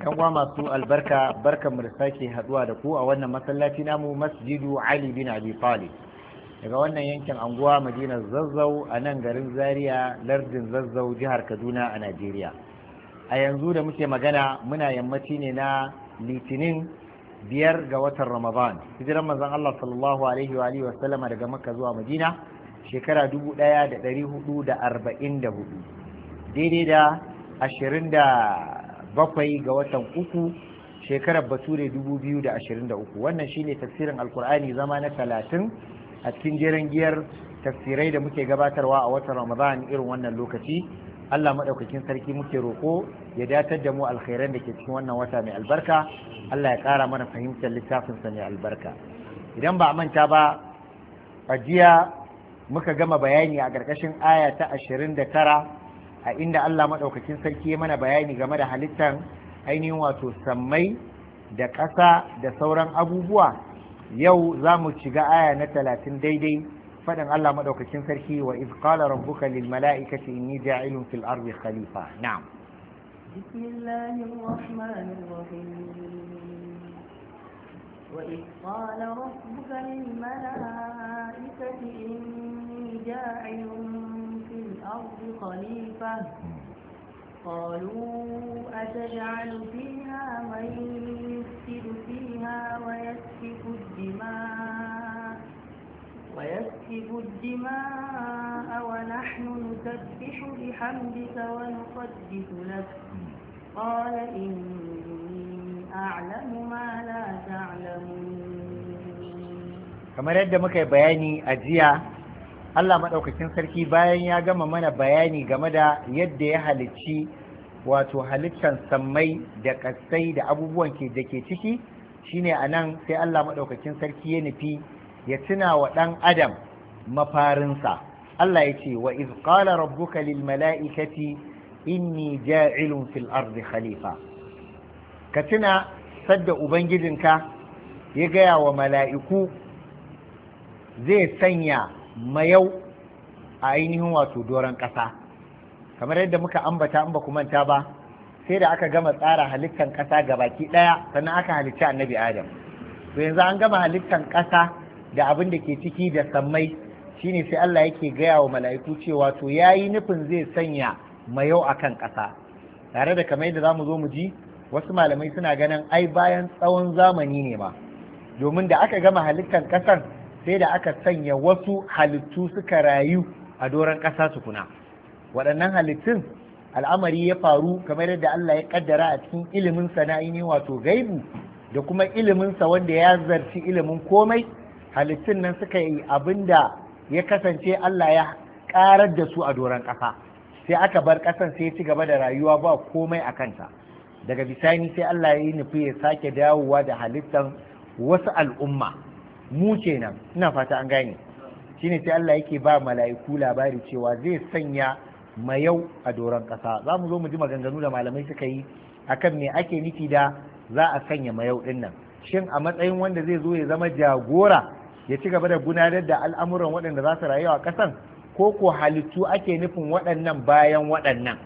yan uwa masu albarka barkan mu da sake haduwa da ku a wannan masallaci namu masjidu ali bin abi talib daga wannan yankin anguwa madinar zazzau a nan garin zaria lardin zazzau jihar kaduna a najeriya a yanzu da muke magana muna yammaci ne na litinin biyar ga watan ramadan hijiran manzon allah sallallahu alaihi wa alihi wa daga makka zuwa madina shekara dubu ɗaya da ɗari hudu da arba'in da hudu daidai da ashirin da bakwai ga watan uku shekarar bature 2023 wannan shine tafsirin alkur'ani zama na talatin a cikin jeren giyar tafsirai da muke gabatarwa a watan ramadan irin wannan lokaci Allah maɗaukakin sarki muke roƙo ya datar da mu alkhairan da ke cikin wannan wata mai albarka Allah ya ƙara mana fahimtar littafinsa mai albarka idan ba a manta ba a jiya muka gama bayani a ƙarƙashin aya ta ashirin da tara a inda Allah maɗaukakin sarki ya mana bayani game da halittar ainihin wato sammai da ƙasa da sauran abubuwa yau za mu shiga aya na talatin daidai faɗin Allah maɗaukakin sarki wa iz qala rabbuka lil mala'ikati inni ja'ilun fil ardi khalifa na'am bismillahir rahmanir rahim wa iz qala الأرض خليفة قالوا أتجعل فيها من يفسد فيها ويسفك الدماء ويسفك الدماء ونحن نسبح بحمدك ونقدس لك قال إني أعلم ما لا تعلمون kamar yadda muka yi bayani a jiya Allah maɗaukakin sarki bayan ya gama mana bayani game da yadda ya halicci wato halittar sammai da ƙasai da abubuwan da ke ciki shine a nan sai Allah maɗaukakin sarki ya nufi ya tuna wa ɗan adam mafarinsa Allah ya ce wa iz qala rabbuka lil mala'ikati inni ja'ilun fil ardi khalifa ka tuna sadda ubangijinka ya gaya wa mala'iku zai sanya mayau a ainihin wato doron ƙasa kamar yadda muka ambata in ba ku manta ba sai da aka gama tsara halittar ƙasa ga baki ɗaya sannan aka halicci annabi adam to yanzu an gama halittar ƙasa da abin da ke ciki da sammai shine sai Allah yake gaya wa mala'iku cewa to yayi nufin zai sanya mayau akan ƙasa tare da kamar yadda zamu zo mu ji wasu malamai suna ganin ai bayan tsawon zamani ne ma domin da aka gama halittar ƙasar sai da aka sanya wasu halittu suka rayu a doron ƙasa tukuna waɗannan halittun al'amari ya faru kamar yadda Allah ya ƙaddara a cikin ilimin sana'ini wato gaibu da kuma iliminsa wanda ya zarci ilimin komai halittun nan suka yi abin da ya kasance Allah ya ƙarar da su a doron ƙasa sai aka bar ƙasan sai ya ci gaba da rayuwa ba komai a kanta daga bisani sai Allah ya yi nufi ya sake dawowa da halittan wasu al'umma mu kenan ina fata an gane shine sai Allah yake ba mala'iku labari cewa zai sanya mayau a doron ƙasa za mu zo mu ji maganganu da malamai suka yi akan me ake nufi da za a sanya mayau din nan shin a matsayin wanda zai zo ya zama jagora ya ci gaba da gudanar da al'amuran waɗanda za su rayu a ƙasan ko ko halittu ake nufin waɗannan bayan waɗannan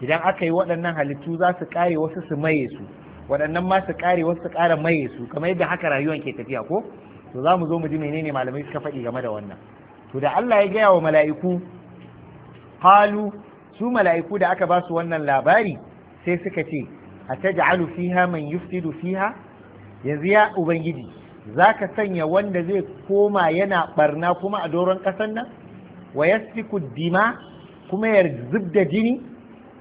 idan aka yi waɗannan halittu za su ƙare wasu su maye su waɗannan ma su ƙare wasu su ƙara maye su kamar yadda haka rayuwan ke tafiya ko to za mu zo mu ji menene malamai suka faɗi game da wannan to da Allah ya gaya wa mala'iku halu su mala'iku da aka ba su wannan labari sai suka ce a taj'alu fiha man yufsidu fiha yanzu ya ubangiji zaka sanya wanda zai koma yana barna kuma a doron ƙasar nan wa yasfiku dima kuma ya zubda jini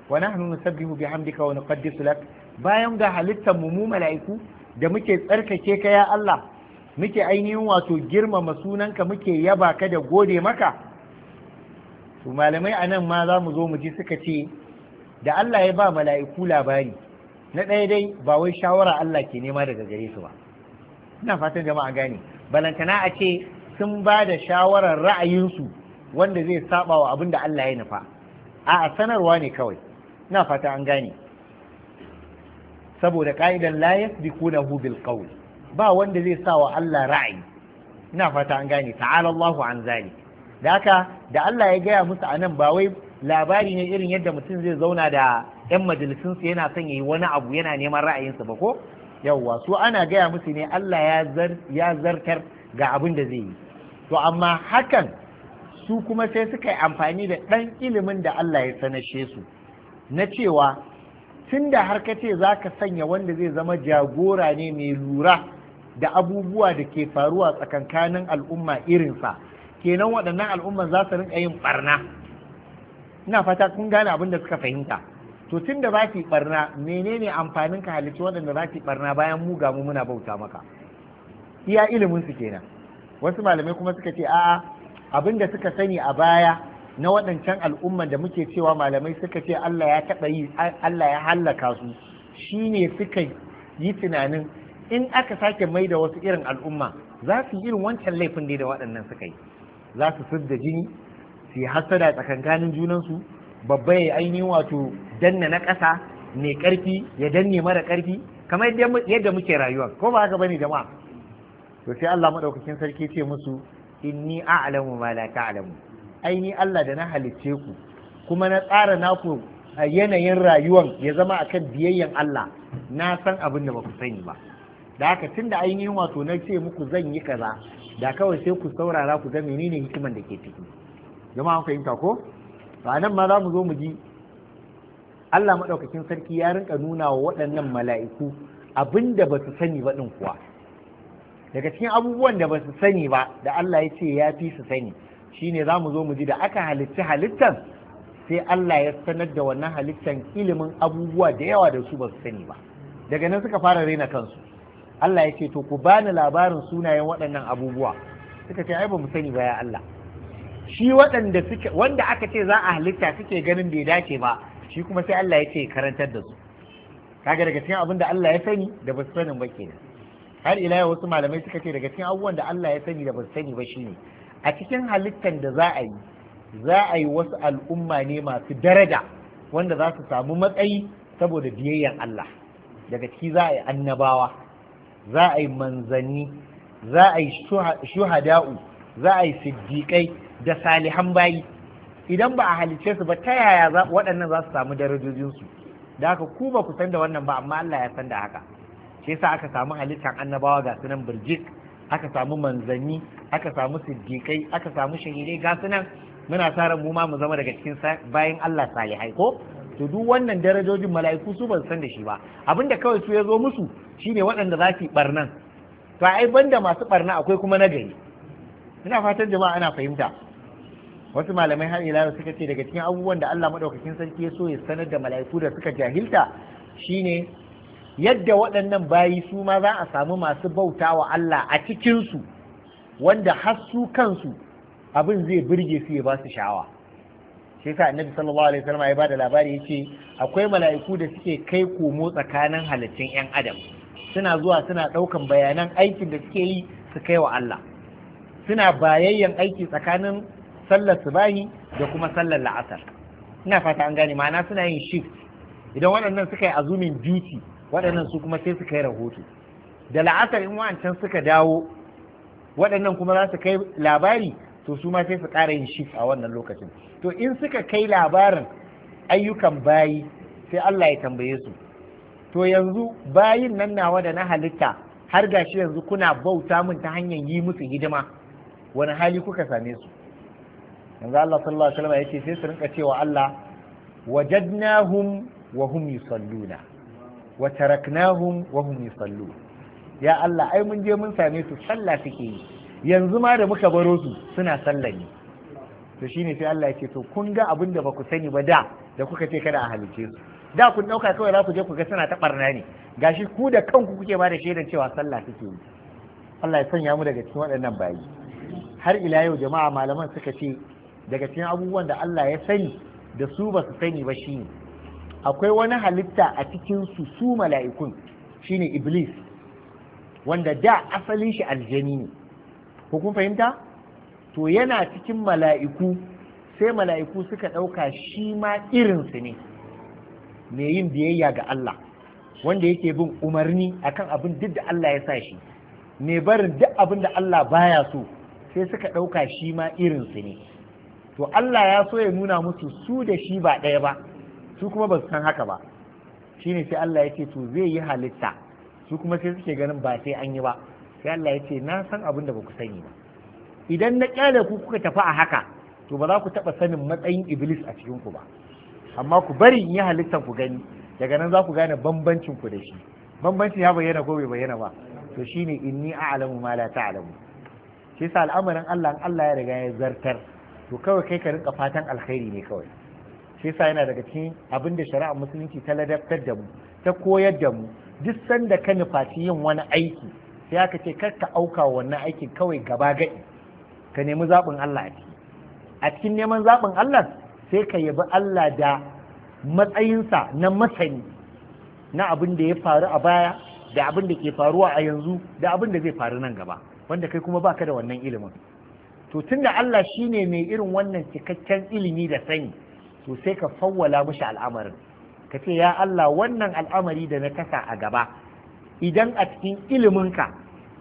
wa nahnu nusabbihu bihamdika wa nuqaddisu lak bayan ga halittar mu mu mala'iku da muke tsarkake ka ya Allah muke ainihin wato girmama sunanka muke yaba ka da gode maka to malamai a nan ma za mu zo mu ji suka ce da Allah ya ba mala'iku labari na ɗaya dai ba wai shawara Allah ke nema daga gare su ba ina fatan jama'a gane balantana a ce sun ba da shawarar ra'ayinsu wanda zai saba wa abin da Allah ya nufa a sanarwa ne kawai ina fata an gane saboda ka'idan la hu bil qawl ba wanda zai sa wa Allah ra'ayi ina fata an gane ta'ala Allahu an zali da haka da Allah ya gaya musu a nan ba wai labari ne irin yadda mutum zai zauna da yan majalisun su yana son yi wani abu yana neman ra'ayinsa ba ko yawwa su ana gaya musu ne Allah ya zar ya zartar ga abin da zai yi to amma hakan su kuma sai suka yi amfani da ɗan ilimin da Allah ya sanashe su na cewa tun da har ka ce za ka sanya wanda zai zama jagora ne mai lura da abubuwa da ke faruwa tsakankanin al'umma irinsa kenan waɗannan al'umman za su rinka yin barna ina fata kun gane abin da suka fahimta to tun da za su yi barna menene amfanin ka halicci waɗanda za su yi barna bayan mu ga mu muna bauta maka iya ilimin su kenan wasu malamai kuma suka ce a'a abin da suka sani a baya na waɗancan al'umman da muke cewa malamai suka ce Allah ya taɓa yi Allah ya hallaka su shine suka yi tunanin in aka sake mai da wasu irin al'umma za su yi irin wancan laifin ne da waɗannan suka yi za su da jini su yi hasada tsakankanin junansu babba ya ainihin wato danna na ƙasa mai ƙarfi ya danne mara ƙarfi kamar yadda muke rayuwa ko ba haka bane jama'a to sai Allah madaukakin sarki ce musu inni a'lamu ma la ta'lamu aini Allah da na halicce ku kuma na tsara naku yanayin rayuwan ya zama akan biyayyan Allah na san abin da ba ku sani ba da haka tun da ainihin wato na ce muku zan yi kaza da kawai sai ku saurara ku ga menene hikiman da ke ciki an fahimta ko to nan ma za mu zo mu ji Allah maɗaukakin sarki ya rinka nuna wa waɗannan mala'iku abinda ba su sani ba ɗin kuwa daga cikin abubuwan da ba su sani ba da Allah ya ce ya fi su sani shine za mu zo mu ji da aka halitta halittan sai Allah ya sanar da wannan halittan ilimin abubuwa da yawa da su ba su sani ba daga nan suka fara raina kansu Allah ya ce to ku bani labarin sunayen waɗannan abubuwa suka ce ai ba mu sani ba ya Allah shi waɗanda suke wanda aka ce za a halitta suke ganin bai dace ba shi kuma sai Allah ya ce karantar da su kaga daga cikin abin da Allah ya sani da basu sani ba kenan har ila yau wasu malamai suka ce daga cikin abubuwan da Allah ya sani da basu sani ba shine a cikin halittar da za a yi za a yi wasu al'umma ne masu daraja wanda za su samu matsayi saboda biyayyan Allah daga ciki za a yi annabawa za a yi manzanni za a yi shuhada'u za a yi siddiƙai da salihan bayi idan ba a halice su ba ta yaya waɗannan za su samu darajojinsu da haka ku ba ku san da wannan ba amma Allah ya san da haka shi yasa aka samu halittar annabawa ga sunan birjik aka samu manzanni aka samu siddiƙai aka samu shahidai ga sunan muna sa ran mu ma mu zama daga cikin bayan Allah salihai ko to duk wannan darajojin mala'iku su ban san da shi ba Abin da kawai su ya zo musu shine waɗanda za su yi barnan to ai banda masu barna akwai kuma nagari ina fatan jama'a ana fahimta wasu malamai har ila suka ce daga cikin abubuwan da Allah madaukakin sarki ya so ya sanar da mala'iku da suka jahilta shine yadda waɗannan bayi su ma za a samu masu bauta wa Allah a cikin su wanda har su kansu abin zai birge su ya ba su sha'awa shi yasa annabi sallallahu alaihi wasallam ya bada labari yace akwai mala'iku da suke kai komo tsakanin halittun yan adam suna zuwa suna daukan bayanan aikin da suke yi su kai wa Allah suna bayayyan aiki tsakanin sallar subahi da kuma sallar la'asar ina fata an gane ma'ana suna yin shift idan waɗannan suka yi azumin duty waɗannan su kuma sai su kai rahoto da la'asar in wa'ancan suka dawo waɗannan kuma za su kai labari to su ma sai su ƙara yin shif a wannan lokacin to in suka kai labarin ayyukan bayi sai Allah ya tambaye su to yanzu bayin nan nawa da na halitta har gashi yanzu kuna bauta min ta hanyar yi musu hidima wani hali kuka same su yanzu Allah sallallahu alaihi wasallam yace sai su rinka cewa Allah wajadnahum wa hum yusalluna wa taraknahum wa hum yusallun ya Allah ai mun je mun same su sallah suke yi yanzu ma da muka baro su suna ne to shine sai Allah ya ce to kun ga abin da baku sani ba da da kuka ce kada a halice su da kun dauka kawai za ku je ku ga suna ta barna ne gashi ku da kanku kuke ba da shaidan cewa sallah take yi Allah ya sanya mu daga cikin waɗannan bayi har ila yau jama'a malaman suka ce daga cikin abubuwan da Allah ya sani da su ba su sani ba shine akwai wani halitta a cikin su su mala'ikun shine iblis wanda da asalin shi aljani ne ko kun fahimta to yana cikin mala'iku sai mala'iku suka ɗauka shi ma irinsu ne mai yin biyayya ga Allah wanda yake bin umarni akan abin duk da Allah ya sa shi me barin duk abin da Allah baya so sai suka ɗauka shi ma irinsu ne to Allah ya so ya nuna musu su da shi ba ɗaya ba su kuma ba su san haka ba shine sai Allah ya ce to zai yi halitta su kuma sai suke ganin ba sai an yi ba sai Allah ya ce na san abin da ba ku sani ba idan na kyale ku kuka tafi a haka to ba za ku taɓa sanin matsayin iblis a cikin ku ba amma ku bari in yi halittar ku gani daga nan za ku gane bambancin ku da shi bambanci ya bayyana ko bai bayyana ba to shine inni a'lamu ma la ta'lamu shi sa al'amarin Allah Allah ya riga ya zartar to kawai kai ka rinka fatan alkhairi ne kawai shi sa yana daga cikin abin da shari'a musulunci ta ladabtar da mu ta koyar da mu duk sanda ka nufaci yin wani aiki sai aka ce kar ka auka wannan aikin kawai gaba gadi ka nemi zaɓin Allah a ciki a cikin neman zaɓin Allah sai ka yabi Allah da matsayinsa na masani na abin da ya faru a baya da abin da ke faruwa a yanzu da abin da zai faru nan gaba wanda kai kuma baka da wannan ilimin to tunda Allah shine mai irin wannan cikakken ilimi da sani to sai ka fawwala mishi al'amarin ka ce ya Allah wannan al'amari da na kasa a gaba idan a cikin iliminka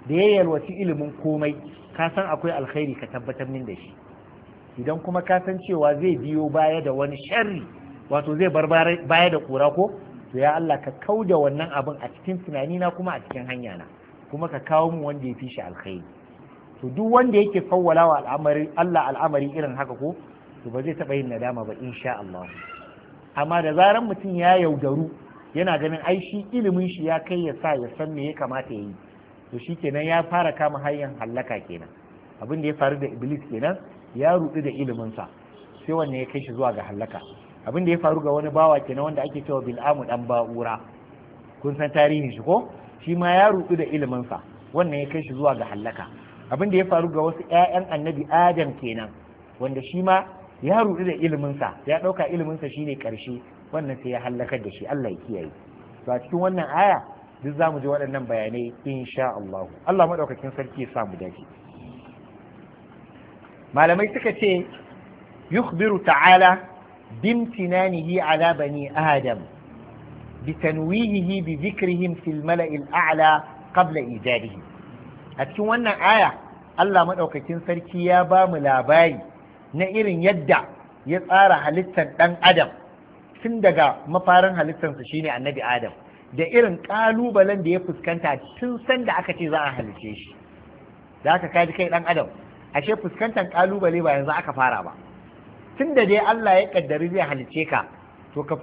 da ya yalwaci ilimin komai ka san akwai alkhairi ka tabbatar min da shi idan kuma ka san cewa zai biyo baya da wani sharri wato zai bar baya da kura ko to ya Allah ka kauda wannan abin a cikin tunani na kuma a cikin hanya na kuma ka kawo mu wanda ya fi shi alkhairi to duk wanda yake fawwala wa al'amari Allah al'amari irin haka ko to ba zai taba yin nadama ba insha Allah amma da zaran mutum ya yaudaru yana ganin ai shi ilimin shi ya kai ya sa ya san me ya kamata ya yi to shi kenan ya fara kama hanyar hallaka kenan abin da ya faru da iblis kenan ya rudu da iliminsa sai wanne ya kai shi zuwa ga hallaka abin da ya faru ga wani bawa kenan wanda ake cewa bil'amu dan ba'ura kun san tarihin shi ko shi ma ya rudu da iliminsa wannan ya kai shi zuwa ga hallaka abin da ya faru ga wasu 'ya'yan annabi adam kenan wanda shi ma ya rudu da iliminsa ya ɗauka iliminsa shine ƙarshe wannan sai ya hallakar da shi Allah ya kiyaye to a cikin wannan aya duk zamu ji waɗannan bayanai insha Allah Allah madaukakin sarki ya samu dace malamai suka ce yukhbiru ta'ala bimtinanihi ala bani adam bitanwihihi bi dhikrihim fil mala'il a'la qabla ijadihi a cikin wannan aya Allah madaukakin sarki ya ba mu labari na irin yadda ya tsara halittar ɗan adam tun daga mafarin halittarsa shine annabi adam da irin ƙalubalen da ya fuskanta tun sanda aka ce za a halice shi da aka kaji kai ɗan adam ashe fuskantar ƙalubale ba yanzu aka fara ba tun da dai Allah ya ƙaddari zai halice ka to ka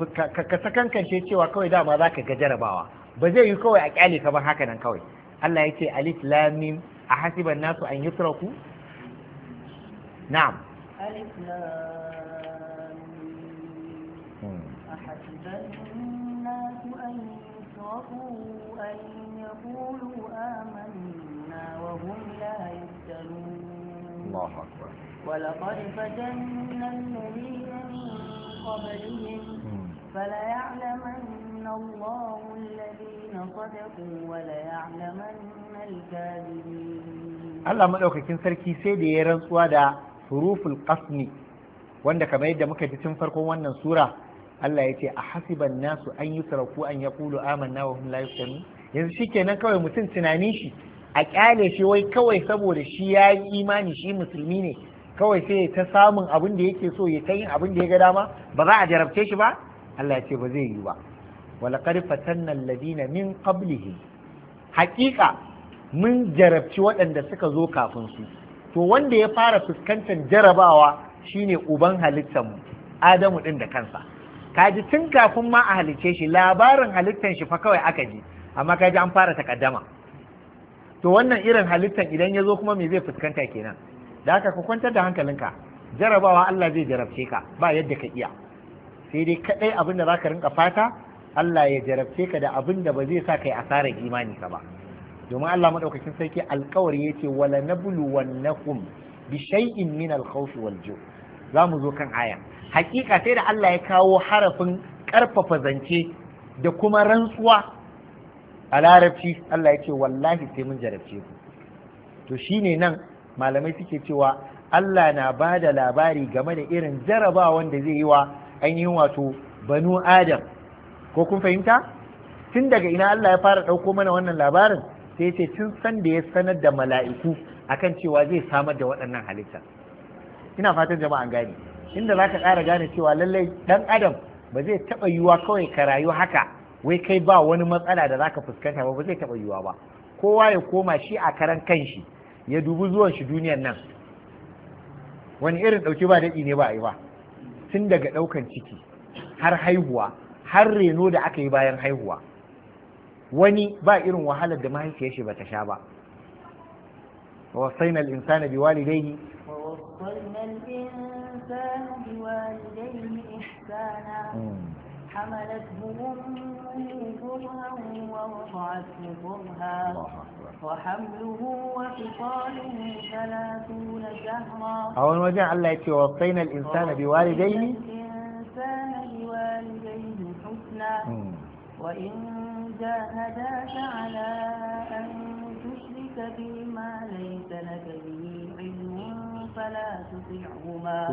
sakankance cewa kawai dama za ka ga jarabawa ba zai yi kawai a kyale ka ba haka nan kawai Allah ya ce alif lam mim a hasiban nasu an yutraku na'am alif lam الله أكبر ولقد فتن الذين من قبلهم فليعلمن الله الذين صدقوا وليعلمن الكاذبين Allah maɗaukakin sarki sai da ya rantsuwa da huruful ƙasni wanda kamar yadda muka ji tun farkon wannan sura Allah ya ce a hasiban nasu an yi sarafu an ya kulu aman na hum la yuftanu yanzu shikenan kawai mutum tunanin shi a kyale shi wai kawai saboda shi ya yi imani shi musulmi ne kawai sai ta samun abin da yake so ya ta yin abin da ya ga dama ba za a jarabce shi ba Allah ya ce ba zai yi ba walaqad fatanna alladina min qablihim haƙiƙa mun jarabci waɗanda suka zo kafin su to wanda ya fara fuskantar jarabawa shine uban halittar mu Adamu ɗin da kansa kaji tun kafin ma a halicce shi labarin halittan shi fa kawai aka ji amma kaji an fara takaddama to wannan irin halittan idan ya zo kuma me zai fuskanta kenan da haka ka kwantar da hankalinka jarabawa Allah zai jarabce ka ba yadda ka iya sai dai kadai abin da zaka rinka fata Allah ya jarabce ka da abin da ba zai sa kai asarar imani ka ba domin Allah madaukakin sarki alkawari yace wala nabluwannakum bi shay'in min al-khawfi wal-ju' za mu zo kan aya hakika sai da Allah ya kawo harafin ƙarfafa zance da kuma rantsuwa a larabci Allah ya ce wallahi sai mun jarabce ku to shine nan malamai suke cewa Allah na ba da labari game da irin jarabawa wanda zai yi wa ainihin wato banu adam ko kun fahimta tun daga ina Allah ya fara ɗauko mana wannan labarin sai ce tun san da ya sanar da mala'iku akan cewa zai samar da waɗannan halitta ina fatan jama'an gane inda za ka ƙara gane cewa lallai ɗan adam ba zai taɓa yiwuwa kawai ka rayu haka wai kai ba wani matsala da za ka fuskanta ba ba zai taɓa yiwuwa ba kowa ya koma shi a karan shi ya dubi zuwan shi duniyan nan wani irin ɗauki ba daɗi ne ba a yi ba tun daga ɗaukan ciki har haihuwa har reno da aka yi bayan haihuwa wani ba irin wahalar da mahaifiyar shi ba ta sha ba ووصينا الإنسان بوالديه ووصينا الإنسان بوالديه إحسانا حملته أمه كرها ووضعته كرها وحمله وفصاله ثلاثون شهرا أول وجه الله يتي ووصينا الإنسان بوالديه الإنسان بوالديه حسنا وإن جاهداك على أن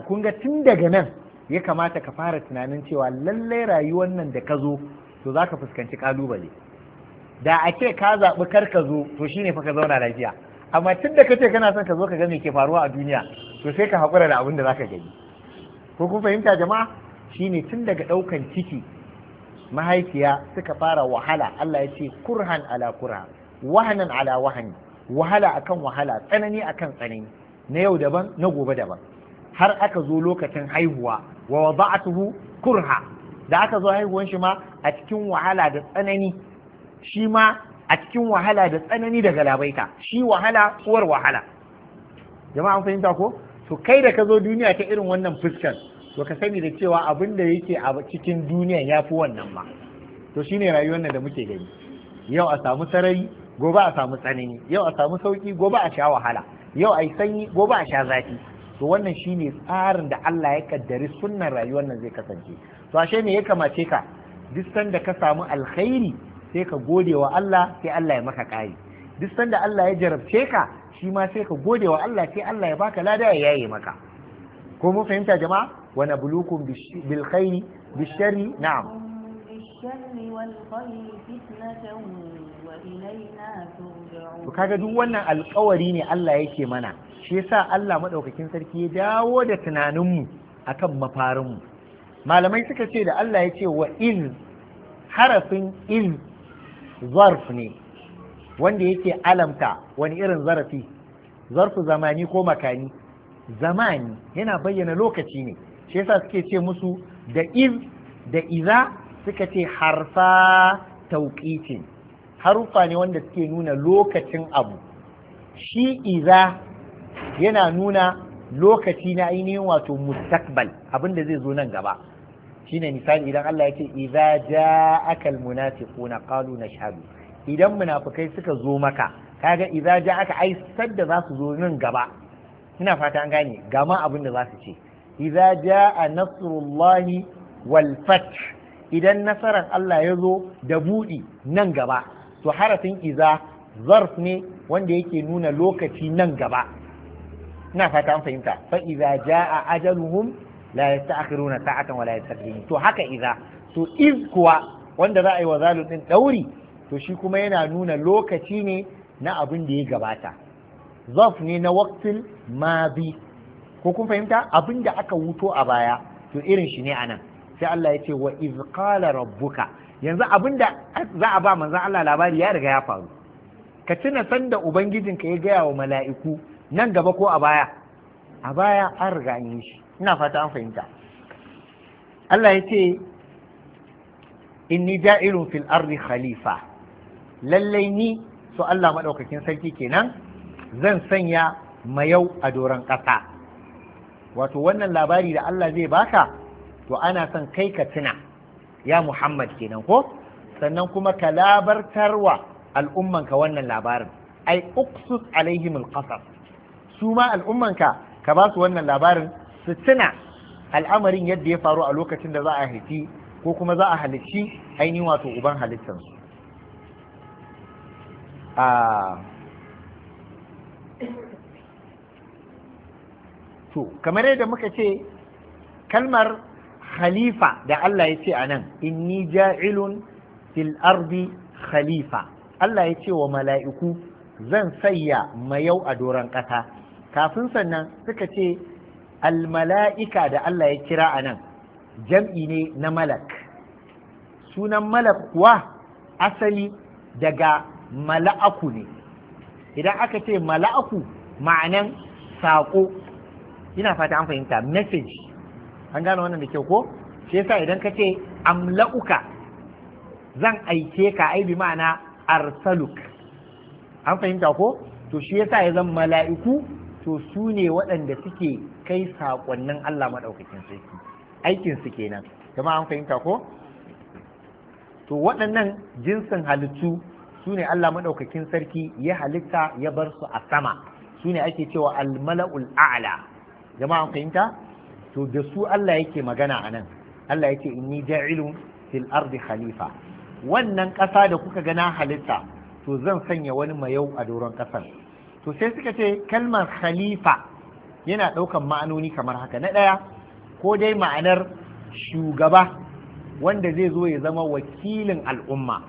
kun ga tun daga nan ya kamata ka fara tunanin cewa lallai rayuwar nan da ka zo to za ka fuskanci kalubale da a ce ka zaɓi kar ka zo to shine fa ka zauna lafiya amma tun da ka kace kana son ka zo ka ga ke faruwa a duniya to sai ka haƙura da abin da za ka gani ko kun fahimta jama'a shine tun daga ɗaukan ciki mahaifiya suka fara wahala Allah ya ce kurhan ala kurhan wahanan ala wahani wahala akan wahala tsanani akan tsanani na yau daban na gobe daban har aka zo lokacin haihuwa wa wada'atuhu kurha da aka zo haihuwan shi ma a cikin wahala da tsanani shi ma a cikin wahala da tsanani daga labaita shi wahala uwar wahala jama'a an fahimta ko to kai da ka zo duniya ta irin wannan fuskar to ka sani da cewa abin da yake a cikin duniya ya fi wannan ma to shine rayuwar da muke gani yau a samu sarari gobe a samu tsanani yau a samu sauki gobe a sha wahala yau a yi sanyi gobe a sha zafi to wannan shine tsarin da Allah ya kaddari sunnan rayuwar nan zai kasance to ashe me ya kamace ka duk sanda ka samu alkhairi sai ka gode wa Allah sai Allah ya maka kai duk sanda Allah ya jarabce ka shi ma sai ka gode wa Allah sai Allah ya baka lada ya yaye maka ko mun fahimta jama'a wa nabluukum bil khairi bil sharri na'am والشر والخير وإلينا ترجعون kaga duk wannan alƙawari ne Allah yake mana shi yasa Allah madaukakin sarki ya dawo da tunanin mu akan mafarin mu malamai suka ce da Allah ya ce wa in harafin in zarf ne wanda yake alamta wani irin zarafi zarfu zamani ko makani zamani yana bayyana lokaci ne shi yasa suke ce musu da iz da iza suka ce harfa tauƙitin harufa ne wanda suke nuna lokacin abu shi iza yana nuna lokaci na ainihin wato mustakbal abinda zai zo nan gaba shine misali idan Allah ya ce idza ja'aka almunafiquna qalu nashhadu idan munafikai suka zo maka kaga idza ja'aka ai sadda za su zo nan gaba ina fata an gane gama abin da za su ce Iza ja'a nasrullahi wal fath idan nasarar Allah ya zo da buɗi nan gaba to harafin iza zarf ne wanda yake nuna lokaci nan gaba ina fata an fahimta fa iza jaa ajaluhum la yasta'khiruna sa'atan wa yastaqdimun to haka iza to iz kuwa wanda za a yi wa zalun din dauri to shi kuma yana nuna lokaci ne na abin da ya gabata zaf ne na waqtil madi ko kun fahimta abin da aka wuto a baya to irin shi ne anan sai Allah ya ce wa iz qala rabbuka yanzu abinda za a ba manzon Allah labari ya riga ya faru ka tuna sanda ubangijinka ya gaya wa mala'iku nan gaba ko a baya a baya an riga an yi shi ina fata an fahimta Allah ya ce inni ja'irun fil ardi khalifa lallai ni so Allah madaukakin sarki kenan zan sanya mayau a doron ƙasa wato wannan labari da Allah zai baka to ana son kai ka tuna ya muhammad kenan ko sannan kuma ka labartarwa al'ummanka wannan labarin ai uksus alaihim alqasas su ma al'ummanka ka ba su wannan labarin su tuna al'amarin yadda ya faru a lokacin da za a haifi ko kuma za a halicci ainihin wato uban halittansu to kamar yadda muka ce kalmar khalifa da Allah ya ce a nan inni ja'ilun fil ardi khalifa Allah ya ce wa mala'iku zan sayya mayau a doron ƙasa kafin sannan suka ce almala'ika da Allah ya kira a nan jam'i ne na malak sunan malak kuwa asali daga mala'aku ne idan aka ce mala'aku ma'anan saƙo ina fata an fahimta message an gane wannan da kyau ko shi yasa idan ka ce amla'uka zan aike ka ai bi ma'ana arsaluk an fahimta ko to shi yasa ya zan mala'iku to su ne waɗanda suke kai saƙonnin Allah maɗaukakin sarki aikin su kenan kuma an fahimta ko to waɗannan jinsin halittu su ne Allah maɗaukakin sarki ya halitta ya bar su a sama su ne ake cewa almala'ul a'la jama'a fahimta to da su Allah yake magana a nan Allah yake inni ja'ilun fil ardi khalifa wannan ƙasa da kuka gana halitta to zan sanya wani mayau a doron ƙasar to sai suka ce kalmar khalifa yana ɗaukan ma'anoni kamar haka na ɗaya ko dai ma'anar shugaba wanda zai zo ya zama wakilin al'umma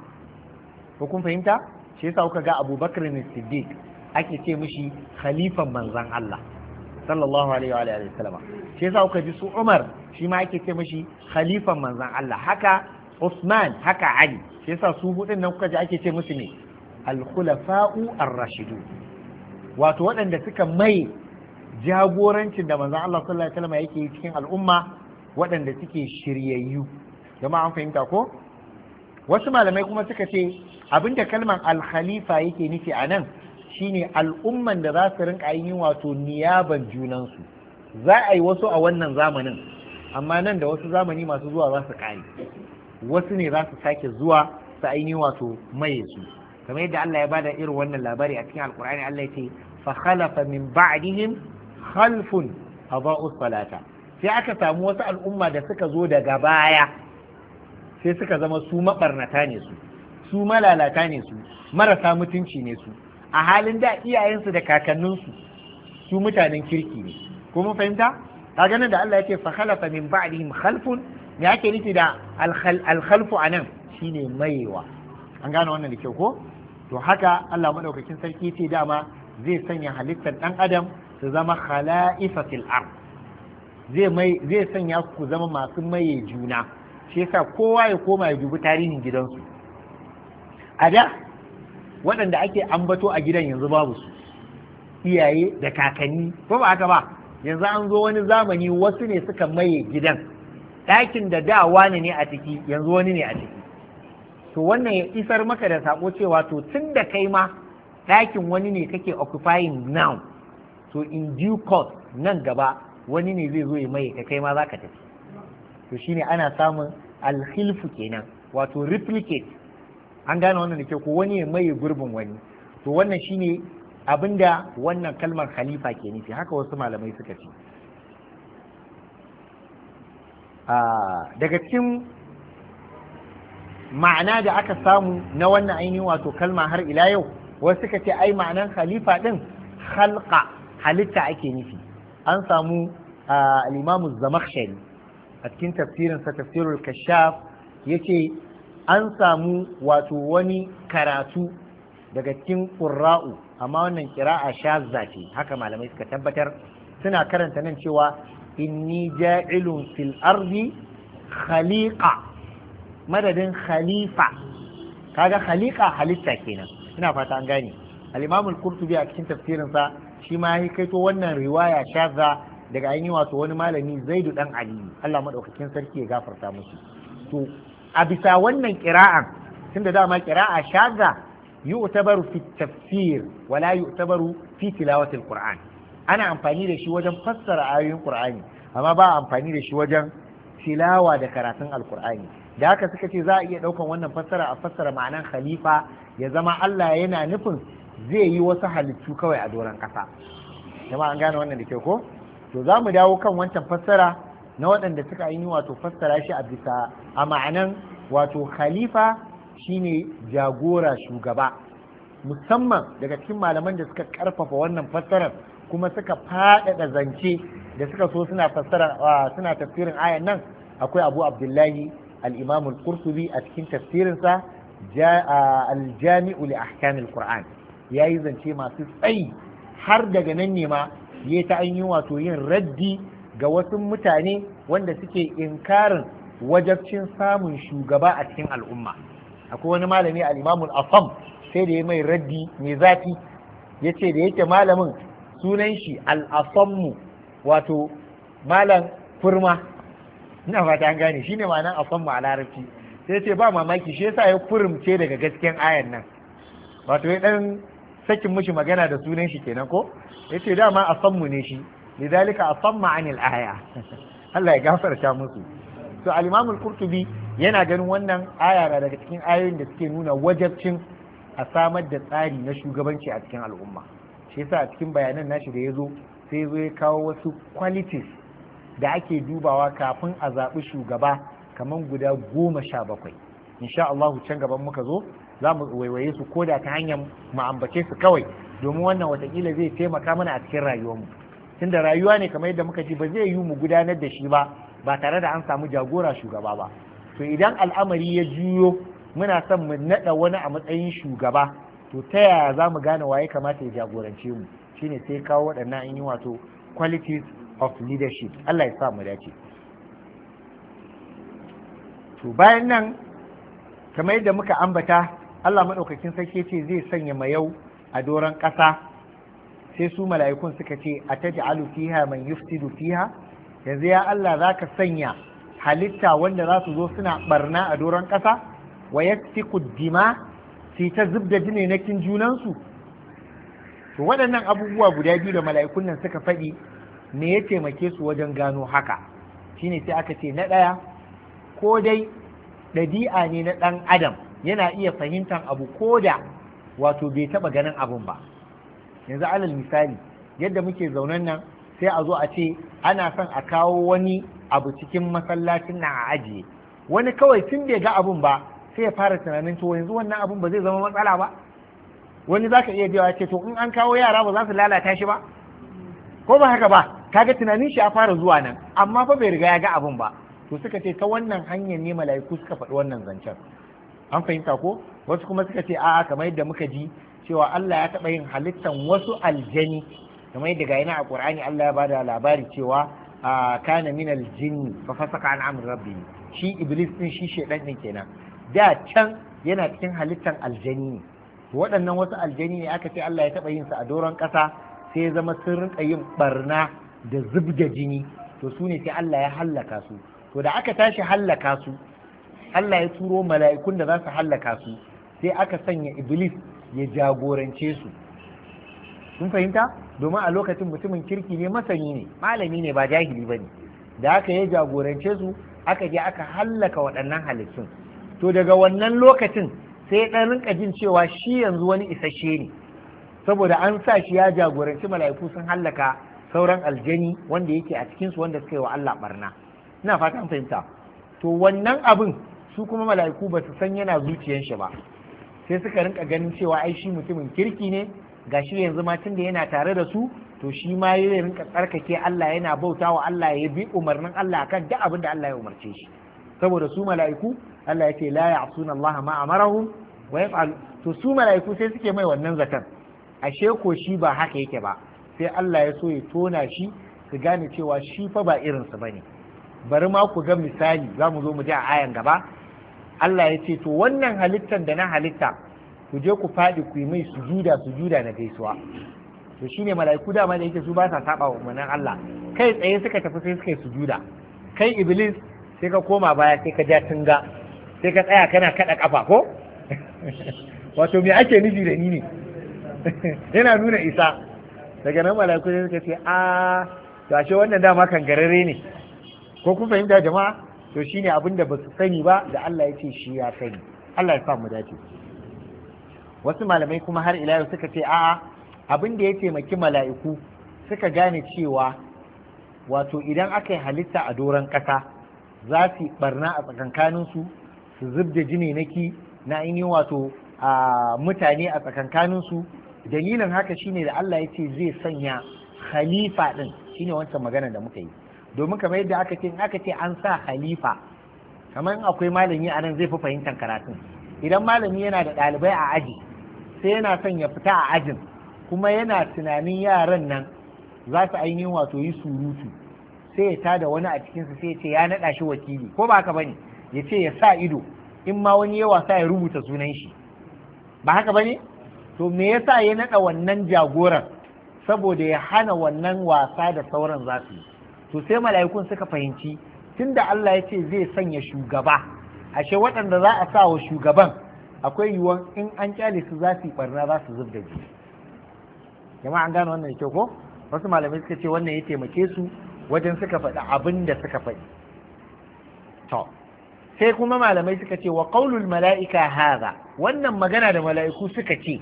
ko kun fahimta shi yasa kuka ga abubakar siddiq ake ce mishi khalifan manzon Allah sallallahu alaihi wa alihi wasallam shi yasa kuka ji su Umar shi ma ake ce mishi khalifan manzon Allah haka Usman haka Ali shi yasa su hudun nan kuka ji ake ce musu ne al-khulafa'u ar rashidu wato waɗanda suka mai jagorancin da manzon Allah sallallahu alaihi wasallam yake yi cikin al'umma waɗanda suke shiryayyu jama'a an fahimta ko wasu malamai kuma suka ce abinda kalmar al-khalifa yake nufi a nan shine al'umman da za su rinka yin wato niyaban junansu za a yi wasu a wannan zamanin amma nan da wasu zamani masu zuwa za su kare wasu ne za su sake zuwa su aini wato maye su kamar yadda Allah ya bada irin wannan labari a cikin alkur'ani Allah ya ce fa khalafa min ba'dihim khalfun adaa'us salata sai aka samu wasu al'umma da suka zo daga baya sai suka zama su mabarnata ne su su malalata ne su marasa mutunci ne su a halin da iyayensu da kakanninsu su mutanen kirki ne ko mun fahimta kaga nan da Allah yake fa khalafa min ba'dihim khalfun me yake nufi da al khalfu anan shine maiwa an gane wannan da kyau ko to haka Allah madaukakin sarki ce dama zai sanya halittar dan adam su zama khala'ifatil ard zai mai zai sanya ku zama masu maye juna shi yasa kowa ya koma ya dubi tarihin gidansu a da waɗanda ake ambato a gidan yanzu babu su iyaye da kakanni ko ba haka ba yanzu an zo wani zamani wasu ne suka maye gidan ɗakin da da wani ne a ciki yanzu wani ne a ciki to wannan ya isar maka da sako cewa to tun da kai ma ɗakin wani ne kake occupying now to in due course nan gaba wani ne zai zo ya maye ka kai ma za ka tafi to shine ana samun alhilfu kenan wato replicate an gane wannan da ke ko wani ya maye gurbin wani to wannan shine abinda wannan kalmar khalifa ke nufi haka wasu malamai suka ce ah, daga cikin ma'ana da aka samu na wannan ainihin wato kalma har ila yau wasu suka ce ai ma'anan khalifa din halka halitta ake nufi an samu ah, al-imamu zamakhshari a cikin tafsirin sa tafsirul kashaf yace an samu wato wani karatu daga cikin ƙura'u, amma wannan kira'a sha ce haka malamai suka tabbatar suna karanta nan cewa inni ja'ilun fil ardi khaliqa madadin khalifa kaga khaliqa halitta kenan ina fata an gane al-imam al a cikin tafsirin sa shi ma ya kaito wannan riwaya shaza, daga ainihi wato wani malami zaidu dan ali Allah madaukakin sarki ya gafarta musu to a bisa wannan ƙira'an tunda dama kira'a shaza yu'tabaru fi tafsir wala yu'tabaru fi tilawatil qur'an ana amfani da shi wajen fassara ayoyin qur'ani amma ba amfani da shi wajen tilawa da karatun alqur'ani da haka suka ce za a iya ɗaukan wannan fassara a fassara ma'anan khalifa ya zama Allah yana nufin zai yi wasu halittu kawai a doron ƙasa jama'a an gane wannan da ke ko to za mu dawo kan wancan fassara na waɗanda suka yi wato fassara shi a bisa a ma'anan wato khalifa shine jagora shugaba musamman daga cikin malaman da suka karfafa wannan fassarar kuma suka faɗaɗa zance da suka so suna fassara suna tafsirin ayan nan akwai abu abdullahi al-imam al a cikin tafsirinsa al-jami'u li ahkam al-qur'an yayi zance masu tsayi har daga nan ne ma yayi ta an yi wato yin raddi ga wasu mutane wanda suke inkarin wajabcin samun shugaba a cikin al'umma akwai wani malami al'imamul afam sai da ya mai raddi mai zafi ya ce da yake malamin sunan shi al'asammu wato malam kurma ina fata an gane shine ma'anar afammu a larabci sai ce ba mamaki shi yasa ya furumce daga gasken ayan nan wato ya dan sakin mishi magana da sunan shi kenan ko ya ce dama afammu ne shi lidalika asamma anil aya Allah ya gafarta musu to al-Imam al yana ganin wannan ayara na daga cikin ayoyin da suke nuna wajabcin a samar da tsari na shugabanci a cikin al'umma shi yasa a cikin bayanan nashi da ya zo sai yazo ya kawo wasu kwalitis da ake dubawa kafin a zaɓi shugaba kamar guda goma sha bakwai insha Allah can gaban muka zo za mu waiwaye su ko da ta hanyar mu ambace su kawai domin wannan watakila zai taimaka mana a cikin rayuwarmu tunda rayuwa ne kamar yadda muka ji ba zai yi mu gudanar da shi ba ba tare da an samu jagora shugaba ba to idan al'amari ya juyo muna son mu naɗa wani a matsayin shugaba to ta yaya za mu gane waye kamata ya jagorance mu shine sai kawo waɗannan an yi wato qualities of leadership Allah ya sa mu dace to bayan nan kamar yadda muka ambata Allah maɗaukakin sarki ce zai sanya mayau a doron ƙasa sai su mala'ikun suka ce a taj'alu fiha man yuftidu fiha yanzu ya Allah zaka sanya halitta wanda za su zo suna barna a doron ƙasa wa yasfiku dima sai ta zubda kin junansu to waɗannan abubuwa guda biyu da mala'ikun nan suka faɗi me ya taimake su wajen gano haka shine sai aka ce na ɗaya ko dai ɗabi'a ne na ɗan adam yana iya fahimtar abu ko da wato bai taɓa ganin abun ba yanzu alal misali yadda muke zaunan nan sai a zo a ce ana son a kawo wani abu cikin masallacin na a ajiye wani kawai tun bai ga abun ba sai ya fara tunanin to yanzu wannan abun ba zai zama matsala ba wani zaka iya cewa ce to in an kawo yara ba za su lalata shi ba ko ba haka ba kaga tunanin shi ya fara zuwa nan amma fa bai riga ya ga abun ba to suka ce ta wannan hanyar ne mala'iku suka faɗi wannan zancen an fahimta ko wasu kuma suka ce a'a kamar yadda muka ji cewa Allah ya taɓa yin halittan wasu aljani kamar yadda gaina a Qur'ani Allah ya bada labari cewa ah, kana min aljinni fa fasaka an amr rabbi shi iblis din shi shedan din kenan da can yana cikin halittan aljani ne waɗannan wasu aljani ne aka ce Allah ya taɓa yin su a doron ƙasa sai ya zama sun rinka yin ɓarna da zubda jini to su ne sai Allah ya hallaka su to da aka tashi hallaka su Allah ya turo mala'ikun da za su hallaka su sai aka sanya iblis ya jagorance su Sun fahimta domin a lokacin mutumin kirki ne masani ne malami ne ba jahili ba ne da aka ya jagorance su aka je aka hallaka waɗannan halittun to daga wannan lokacin sai ɗan rinka jin cewa shi yanzu wani isasshe ne saboda an sa shi ya jagoranci mala'iku sun hallaka sauran aljani wanda yake a cikinsu wanda suka yi wa Allah barna ina fata an fahimta to wannan abin su kuma mala'iku ba su san yana zuciyar shi ba sai suka rinka ganin cewa ai shi mutumin kirki ne gashi yanzu ma da yana tare da su to shi ma ya rinka tsarkake Allah yana bauta wa Allah ya bi umarnin Allah kan duk abin da Allah ya umarce shi saboda su mala'iku Allah yake la ya'suna Allah ma amarahum wa yaf'al to su mala'iku sai suke mai wannan zatan ashe ko shi ba haka yake ba sai Allah ya so ya tona shi su gane cewa shi fa ba irin su ne. bari ma ku ga misali za mu zo mu ji a ayan gaba Allah ya ce to wannan halittar da na halitta ku je ku faɗi ku yi mai sujuda sujuda na gaisuwa to shine mala'iku dama da yake su ba sa saba wa manan Allah kai tsaye suka tafi sai suka yi sujuda kai iblis sai ka koma baya sai ka ja tunga sai ka tsaya kana kada kafa ko wato me ake nufi da ni ne yana nuna isa daga nan mala'iku sai suka ce a ah, to ashe wannan dama kan garare ne ko kun fahimta jama'a to shine abin da ba su sani ba da Allah ya ce shi ya sani Allah ya sa mu dace wasu malamai kuma har ila suka ce a'a abinda da ya taimaki mala'iku suka gane cewa wato idan aka yi halitta a doron ƙasa za su barna a tsakankaninsu su zub da jini naki na ainihin wato a mutane a tsakankaninsu dalilin haka shine da Allah ya ce zai sanya khalifa din shine wancan magana da muka yi domin kamar yadda aka ce aka ce an sa Khalifa, kamar in akwai malami a nan zai fi fahimtar karatun idan malami yana da ɗalibai a aji sai yana son ya fita a ajin kuma yana tunanin yaran nan za su ainihin wato yi surutu sai ya da wani a cikinsu sai ya ce ya naɗa shi wakili ko ba haka bane ya ce ya sa ido in ma wani ya wasa ya rubuta sunan shi ba haka bane to me yasa ya naɗa wannan jagoran saboda ya hana wannan wasa da sauran za su yi to sai mala'ikun suka fahimci tun da Allah ya ce zai sanya shugaba ashe waɗanda za a sa wa shugaban akwai yiwuwar in an kyale su za su yi ɓarna za su zub da ji jama'a an gane wannan kyau ko wasu malamai suka ce wannan ya taimake su wajen suka faɗi abin da suka faɗi to sai kuma malamai suka ce wa qaulul mala'ika hadha wannan magana da mala'iku suka ce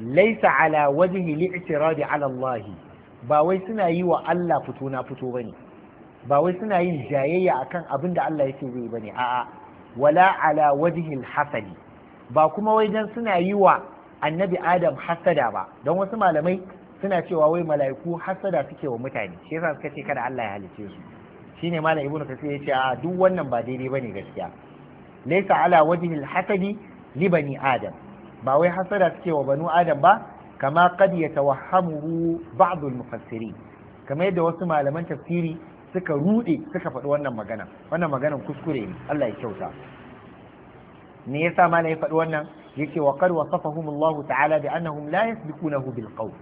laisa ala wajhi li'tiradi ala allahi ba wai suna yi wa Allah fito na fito ba ne. ba wai suna yin jayayya akan abin da Allah yake zai ba ne. a'a wala ala wajhil hasadi ba kuma wai dan suna yi wa annabi adam hasada ba don wasu malamai suna cewa wai mala'iku hasada suke wa mutane shi yasa suka ce kada Allah ya halice su shine malam ibnu kasir yace a duk wannan ba daidai bane gaskiya Laisa ala wajhil hasadi li bani adam ba wai hasada suke wa banu adam ba kama qad yatawahhamuhu ba'd al-mufassirin kamar yadda wasu malaman tafsiri suka rude suka faɗi wannan magana wannan maganan kuskure ne Allah ya kyauta me yasa malai ya faɗi wannan yake wa qad wasafahum Allah ta'ala bi annahum la yasbiqunahu bil qawl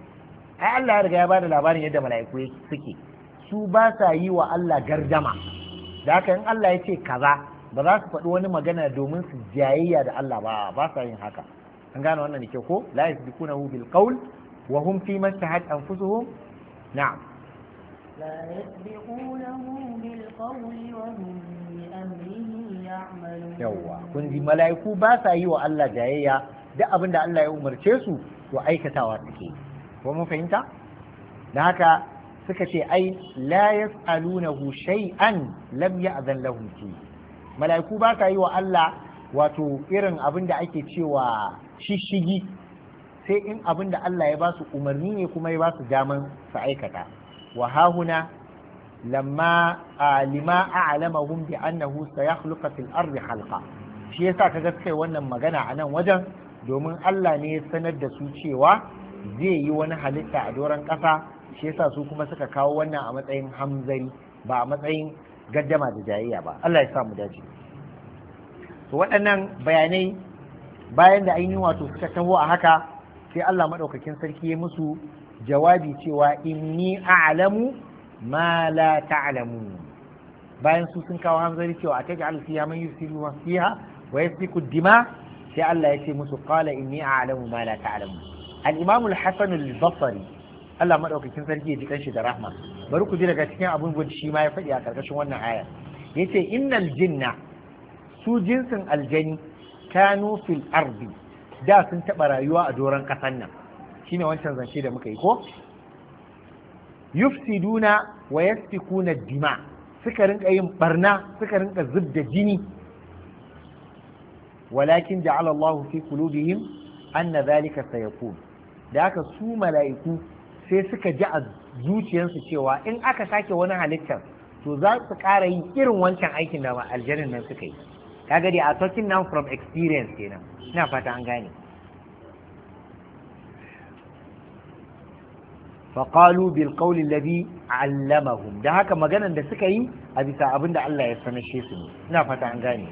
ai Allah ya riga ya bada labarin yadda mala'iku suke su ba sa yi wa Allah gardama da haka in Allah ya ce kaza ba za su faɗi wani magana domin su jayayya da Allah ba ba sa yin haka an gane wannan da ke ko la yasbiqunahu bil qawl wa hum fi ma tahat anfusuhum na. la yasbiqunahu bil qawl wa hum bi amrihi ya'malun yawa kun ji mala'iku ba sa yi wa Allah jayayya duk abin da Allah ya umarce su to aikatawa suke ko mun fahimta da haka suka ce ai la yas'alunahu shay'an lam ya'zan lahum fi mala'iku ba sa yi wa Allah wato irin abin da ake cewa shishigi sai in abin da Allah ya ba su umarni ne kuma ya ba su daman su aikata wa hahuna lamma alima a'lamahum bi annahu sayakhluqu fil ardi halqa shi yasa ga kai wannan magana a nan wajen domin Allah ne ya sanar da su cewa zai yi wani halitta a doron ƙasa shi yasa su kuma suka kawo wannan a matsayin hamzari ba a matsayin gaddama da jayayya ba Allah ya samu mu dace to waɗannan bayanai bayan da ainihin wato suka taho a haka sai Allah maɗaukakin sarki ya musu jawabi cewa inni a'lamu ma la ta'lamu bayan su sun kawo hanzari cewa a taj'al fiha man yufsidu fiha wa yasfiku dima sai Allah ya ce musu qala inni a'lamu ma la ta'lamu al-imam al-hasan al-basri Allah madaukakin sarki ya ji kanshi da rahma bari ku ji daga cikin abin da shi ma ya faɗi a ƙarƙashin wannan aya yace innal jinna su jinsin aljani kanu fil ardi da sun taɓa rayuwa a doron ƙasan nan shine wancan zance da muka yi ko yufsiduna wa yasfikuna dima suka rinka yin barna suka rinka zubda jini walakin ja'ala Allahu fi qulubihim anna dhalika sayakun da haka su mala'iku sai suka ji a zuciyarsu cewa in aka sake wani halittar to za su ƙara yin irin wancan aikin da aljanin nan suka yi kaga dai a talking now from experience kenan ina fata an gane faƙalu bil qawli alladhi allamahum da haka maganan da suka yi a bisa abin da Allah ya sanashe su ne ina fata an gane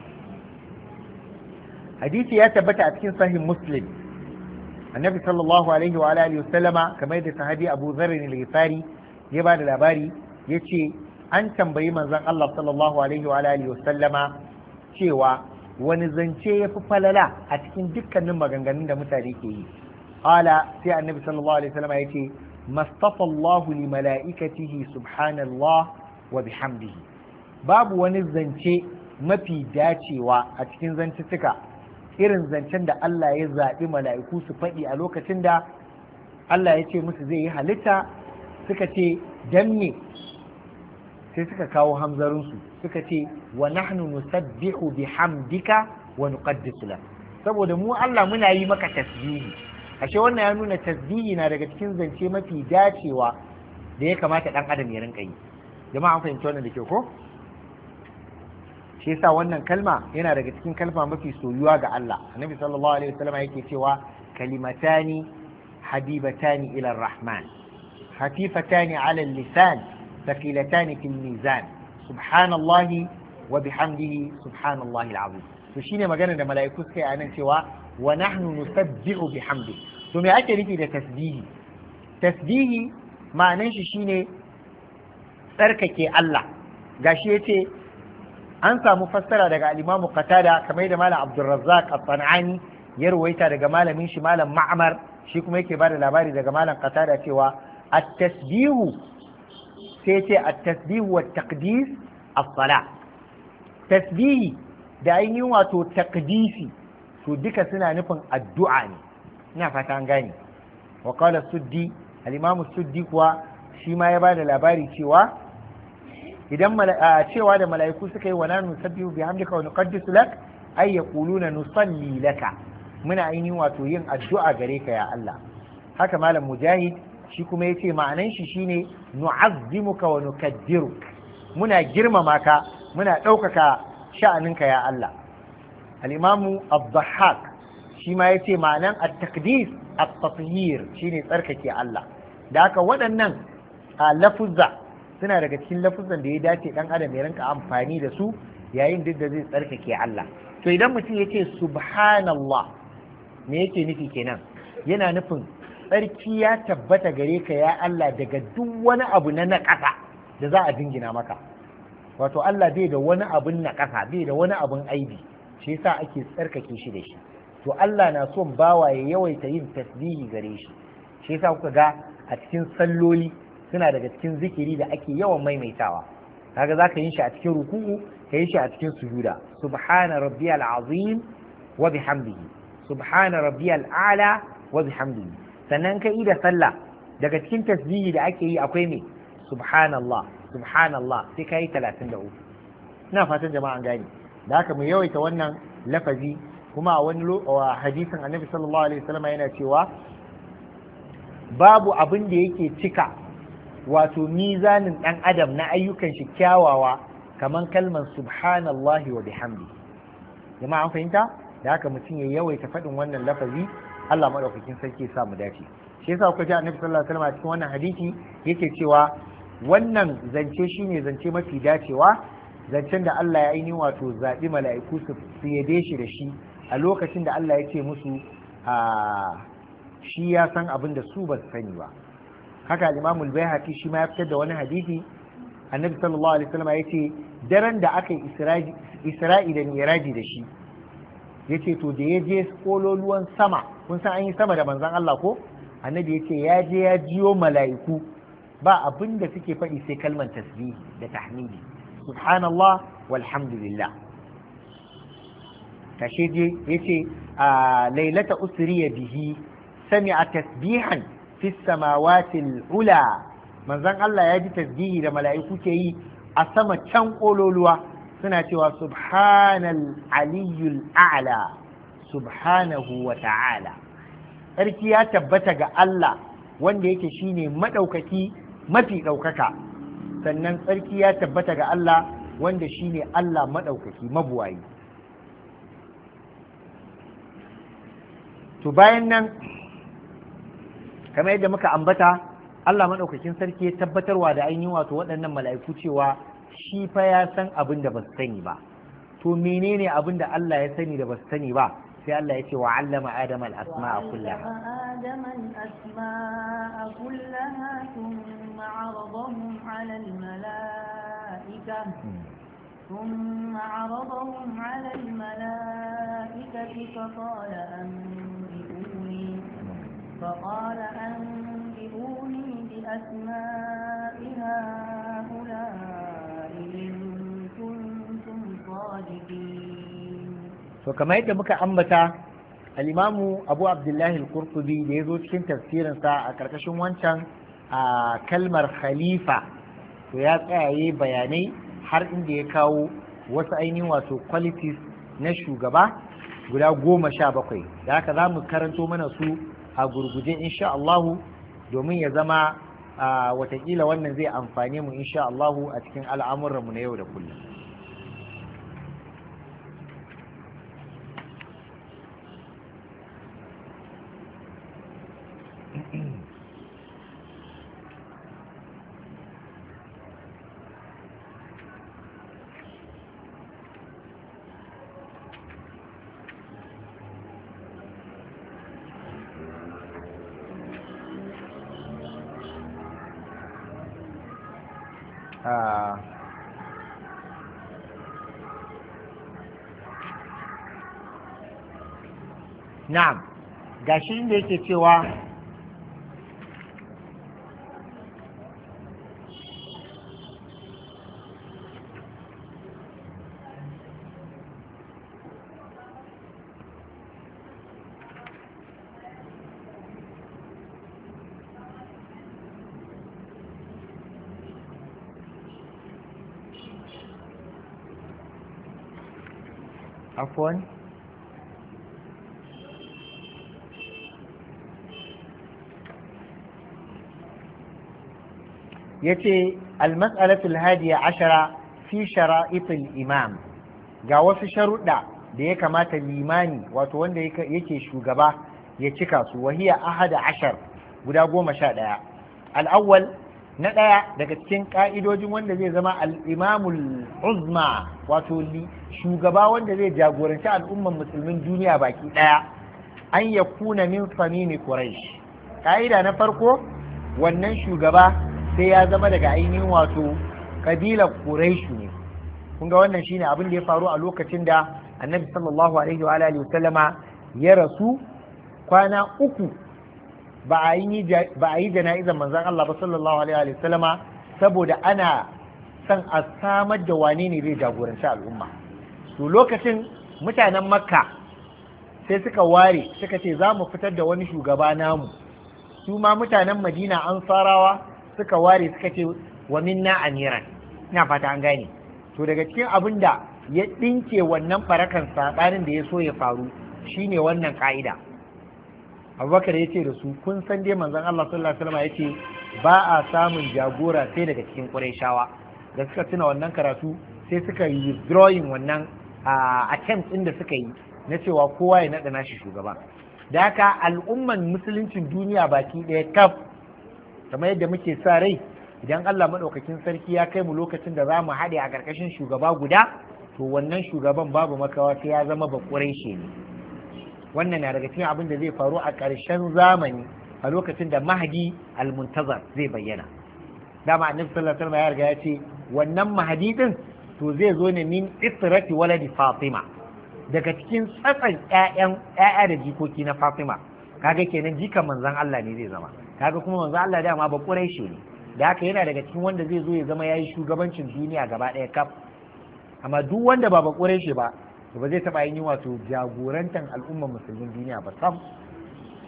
hadisi ya tabbata a cikin sahih muslim annabi sallallahu alaihi wa alihi wasallama kamar yadda sahabi Abu Dharr al-Ghifari ya ba da labari yace an tambayi manzon Allah sallallahu alaihi wa alihi wasallama cewa wani zance ya fi falala a cikin dukkanin maganganun da mutane ke yi ala sai annabi sallallahu alaihi wasallam ya ce mastafa Allahu li mala'ikatihi subhanallah wa bihamdihi babu wani zance mafi dacewa a cikin zantuttuka irin zancen da Allah ya zaɓi mala'iku su faɗi a lokacin da Allah ya ce musu zai yi halitta suka ce dan sai suka kawo hamzarinsu suka ce wa nahnu nusabbihu bihamdika wa nuqaddisu lak saboda mu Allah muna yi maka tasbihi ashe wannan ya nuna tasbihi na daga cikin zance mafi dacewa da ya kamata dan adam ya rinka yi jama'a an fahimci wannan da ke ko shi yasa wannan kalma yana daga cikin kalma mafi soyuwa ga Allah annabi sallallahu alaihi wasallam yake cewa kalimatani habibatani ila rahman hafifatani ala lisan thaqilatani fil mizan subhanallahi wa bihamdihi subhanallahi alazim to shine magana da mala'iku suka yi anan cewa wa nahnu bi hamdu. to me ake nufi da tasbihi tasbihi ma'ananshi shi shine tsarkake Allah gashi yace an samu fassara daga al katada Qatada kamar da Malam Abdul Razzaq At-Tan'ani ya ruwaita daga malamin shi Malam Ma'mar shi kuma yake bada labari daga Malam Katada cewa at-tasbihu sai ce a tasbih wa taqdis as-sala tasbihi da ainihin wato taqdisi to duka suna nufin addu'a ne ina fata an gane wa qala suddi al-imam suddi kuwa shi ma ya bada labari cewa idan cewa da mala'iku suka yi wala nusabbihu bihamdika wa nuqaddisu lak ay yaquluna nusalli laka muna ainihin wato yin addu'a gare ka ya Allah haka malam mujahid shi kuma yace ma'anan shi shine nu'azzimuka wa nukaddiruk muna girmama ka muna ɗaukaka sha'aninka ya Allah al-imamu ad shi ma yace ma'anan at-taqdis at-tatyir shine tsarkake Allah da haka waɗannan lafuzza suna daga cikin lafuzzan da ya dace dan adam ya rinka amfani da su yayin duk da zai tsarkake Allah to idan mutum yace subhanallah me yake nufi kenan yana nufin tsarki ya tabbata gare ka ya Allah daga duk wani abu na naƙasa da za a dingina maka wato Allah bai da wani abun naƙasa bai da wani abun aibi shi yasa ake tsarkake shi da shi to Allah na son bawa ya yawaita yin tasbihi gare shi shi yasa kuka ga a cikin salloli suna daga cikin zikiri da ake yawan maimaitawa kaga zaka yin shi a cikin ruku'u ka yi shi a cikin sujuda subhana rabbiyal azim wa bihamdihi subhana rabbiyal ala wa bihamdihi sannan ka yi da sallah daga cikin tasbihi da ake yi akwai me subhanallah subhanallah sai ka yi talatin da uku ina fatan jama'an gani da haka mu yawaita wannan lafazi kuma a wani hadisin annabi sallallahu alaihi wasallam yana cewa babu abin da yake cika wato mizanin dan adam na ayyukan shi kyawawa kaman kalmar subhanallahi wa bihamdi jama'a fahimta da haka mutum ya yawaita faɗin wannan lafazi Allah madaukakin sarki ya sa mu dace shi yasa kuka ji annabi sallallahu alaihi wasallam cikin wannan hadisi yake cewa wannan zance shine zance mafi dacewa zancen da Allah ya aini wato zaɓi mala'iku su yade shi da shi a lokacin da Allah ya ce musu a shi ya san abin da su ba su sani ba haka al-Imam al shi ma ya fitar da wani hadisi annabi sallallahu alaihi wasallam ya ce daren da aka yi Isra'i da Miraji da shi yace to da ya je kololuwan sama kun san an yi sama da manzan Allah ko annabi ya ce ya je ya jiyo mala'iku ba abin da suke faɗi sai kalmar tasbihi da tahmidi subhanallah walhamdulillah kashe je ya ce a lailata usriya bihi a tasbihan fi samawati ula manzon Allah ya ji tasbihi da mala'iku ke yi a sama can kololuwa suna cewa subhanal aliyyul a'la subhanahu wa ta'ala sarki ya tabbata ga Allah wanda yake shine madaukaki mafi daukaka sannan sarki ya tabbata ga Allah wanda shine Allah madaukaki mabuwayi to bayan nan kamar yadda muka ambata Allah maɗaukakin sarki ya tabbatarwa da ainihin wato waɗannan mala'iku cewa shi fa ya san abin da ba su sani ba to menene abin da Allah ya sani da ba su sani ba sai Allah ya ce wa allama adam al-asma'a kullaha adam al-asma'a kullaha thumma 'aradahum 'ala al-mala'ika ثم عرضهم على الملائكة فقال أنبئوني فقال أنبئوني بأسماء هؤلاء to kamar yadda muka ambata alimamu abu abdullahi al da ya zo cikin tafsirinsa a karkashin wancan a kalmar khalifa to ya tsayaye bayanai har inda ya kawo wasu ainihin wato qualities na shugaba guda goma sha bakwai da haka za mu karanto mana su a gurguje insha Allahu domin ya zama watakila wannan zai amfane mu insha Allahu a cikin al'amuranmu na yau da kullum na'am gashi inda yake cewa afuwan yace almas'alatul hadiya ashara fi shara'itul imam ga wasu sharuɗa da ya kamata limani wato wanda yake shugaba ya cika su wahiya ahada ashar guda goma sha ɗaya al'awwal na ɗaya daga cikin ƙa'idojin wanda zai zama al'imamul uzma wato shugaba wanda zai jagoranci al'umman musulmin duniya baki ɗaya an ya kuna min famini quraish ƙa'ida na farko wannan shugaba sai ya zama daga ainihin wato kabilar quraishu ne kun ga wannan shine abin da ya faru a lokacin da annabi sallallahu alaihi wa alihi wasallama ya rasu kwana uku ba a yi ba a yi jana'izar manzon Allah ba sallallahu alaihi wa sallama saboda ana san a samar da wane ne zai jagoranci al'umma to lokacin mutanen makka sai suka ware suka ce za mu fitar da wani shugaba namu su ma mutanen madina ansarawa suka ware suka ce wa minna amiran ina fata an gane to daga cikin abin da ya dinke wannan barakan saɓanin da ya so ya faru shine wannan ka'ida abubakar ya ce da su kun san dai manzon Allah sallallahu alaihi wasallam ya ba a samun jagora sai daga cikin ƙurayshawa da suka tuna wannan karatu sai suka yi drawing wannan attempt ɗin da suka yi na cewa kowa ya naɗa nashi shugaba da haka al'umman musuluncin duniya baki ɗaya kaf kamar yadda muke sa rai idan Allah maɗaukakin sarki ya kai mu lokacin da za mu haɗe a ƙarƙashin shugaba guda to wannan shugaban babu makawa sai ya zama bakurai shi ne wannan na daga cikin abin da zai faru a ƙarshen zamani a lokacin da mahadi almuntazar zai bayyana dama annabi sallallahu alaihi wasallam ya riga ya ce wannan mahadi din to zai zo ne min israti waladi fatima daga cikin tsatsan ƴaƴan ƴaƴa da jikoki na fatima kaga kenan jika manzon Allah ne zai zama kaga kuma manzo Allah ma ba quraishi ne da haka yana daga cikin wanda zai zo ya zama yayi shugabancin duniya gaba ɗaya kaf amma duk wanda ba ba quraishi ba to ba zai taba yin wato jagorantan al'ummar musulmin duniya ba sam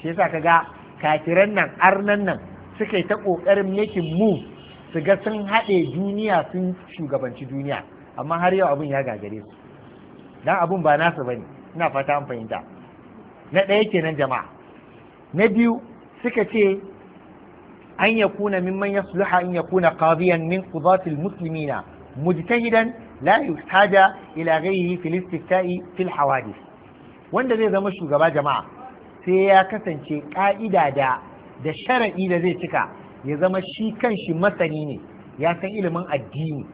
shi yasa kaga kafiran nan arnan nan suka yi ta kokarin making mu su ga sun haɗe duniya sun shugabanci duniya amma har yau abun ya gagare su dan abun ba nasu bane ina fata an fahimta na ɗaya kenan jama'a na biyu suka ce an yakuna mimman yasluha an yakuna qadiyan min qudatil muslimina mujtahidan la yuhtaja ila ghayrihi fil istifta'i fil hawadith wanda zai zama shugaba jama'a sai ya kasance ka'ida da da shara'i da zai cika ya zama shi kanshi masani ne ya san ilimin addini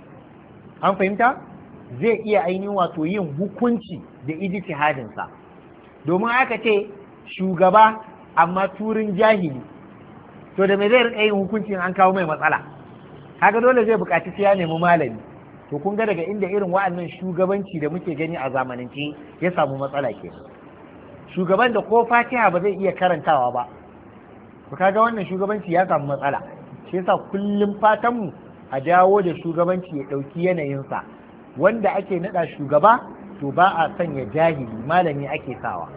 an fahimta zai iya ainihin wato yin hukunci da ijtihadinsa domin aka ce shugaba amma turin jahili to da me zai rika yin hukuncin an kawo mai matsala kaga dole zai buƙaci sai ya nemi malami to kun ga daga inda irin wa'annan shugabanci da muke gani a zamanance ya samu matsala ke shugaban da ko fatiha ba zai iya karantawa ba to kaga wannan shugabanci ya samu matsala shi yasa kullum mu a dawo da shugabanci ya ɗauki yanayinsa wanda ake naɗa shugaba to ba a sanya jahili malami ake sawa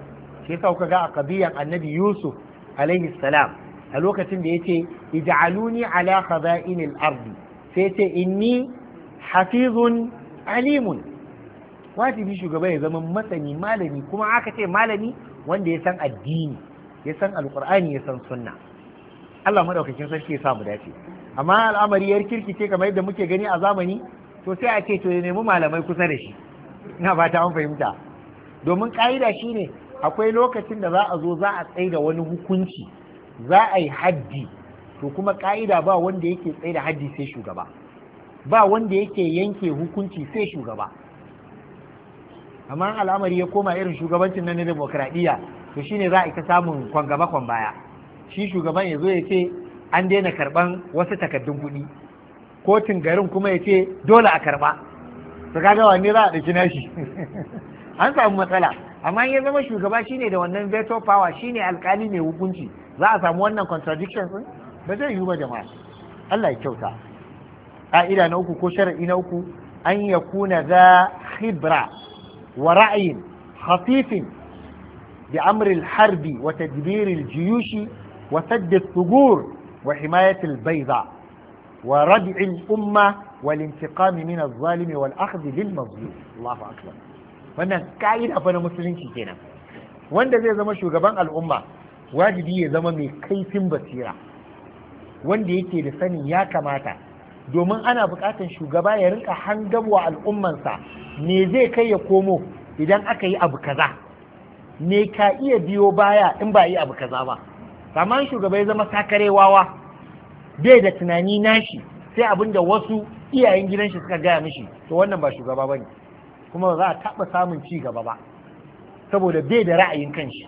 shi yasa kuka ga a kabiyan annabi yusuf alaihi salam a lokacin da yace ij'aluni ala khaza'inil ardi sai ce inni hafizun alimun wajibi shugaba ya zama masani malami kuma aka ce malami wanda ya san addini ya san alqur'ani ya san sunna Allah madaukakin sarki ya samu dace amma al'amari yar kirkice kamar yadda muke gani a zamani to sai a ce to ya nemi malamai kusa da shi ina fata an fahimta domin ka'ida shine akwai lokacin da za a zo za a da wani hukunci za a yi haddi to kuma ka'ida ba wanda yake tsaye da haddi sai shugaba ba wanda yake yanke hukunci sai shugaba amma al'amari ya koma irin shugabancin nan na demokradiyya to shine za a ita samun kwan baya shi shugaban ya zo ya ce an daina karban wasu takardun kuɗi kotun garin kuma ya ce dole a karba to kaga ne za a ɗauki nashi an samu matsala amma ya zama shugaba shine da wannan veto power shine alkali mai hukunci za a samu wannan contradiction din ba zai yi ba jama'a Allah ya kyauta ƙa'ida na uku ko shar'i na uku an ya kuna za khibra wa ra'ayin khafifin bi amril harbi wa tadbiril jiyushi wa saddis sugur wa himayatil baiza wa rad'il umma wal intiqami min az-zalimi wal akhdhi lil mazlum Allahu akbar wannan ka'ida fa na musulunci kenan wanda zai zama shugaban al'umma wajibi ya zama mai kaifin basira wanda yake da sani ya kamata domin ana buƙatar shugaba ya rinka hangawa al'ummansa me zai kai ya komo idan aka yi abu kaza me ka iya biyo baya in ba yi abu kaza ba saman shugaba ya zama sakarewawa bai da tunani nashi sai abin da wasu iyayen gidan shi suka gaya mishi to wannan ba shugaba ba ne kuma ba za a taɓa samun ci gaba ba saboda bai da ra'ayin kanshi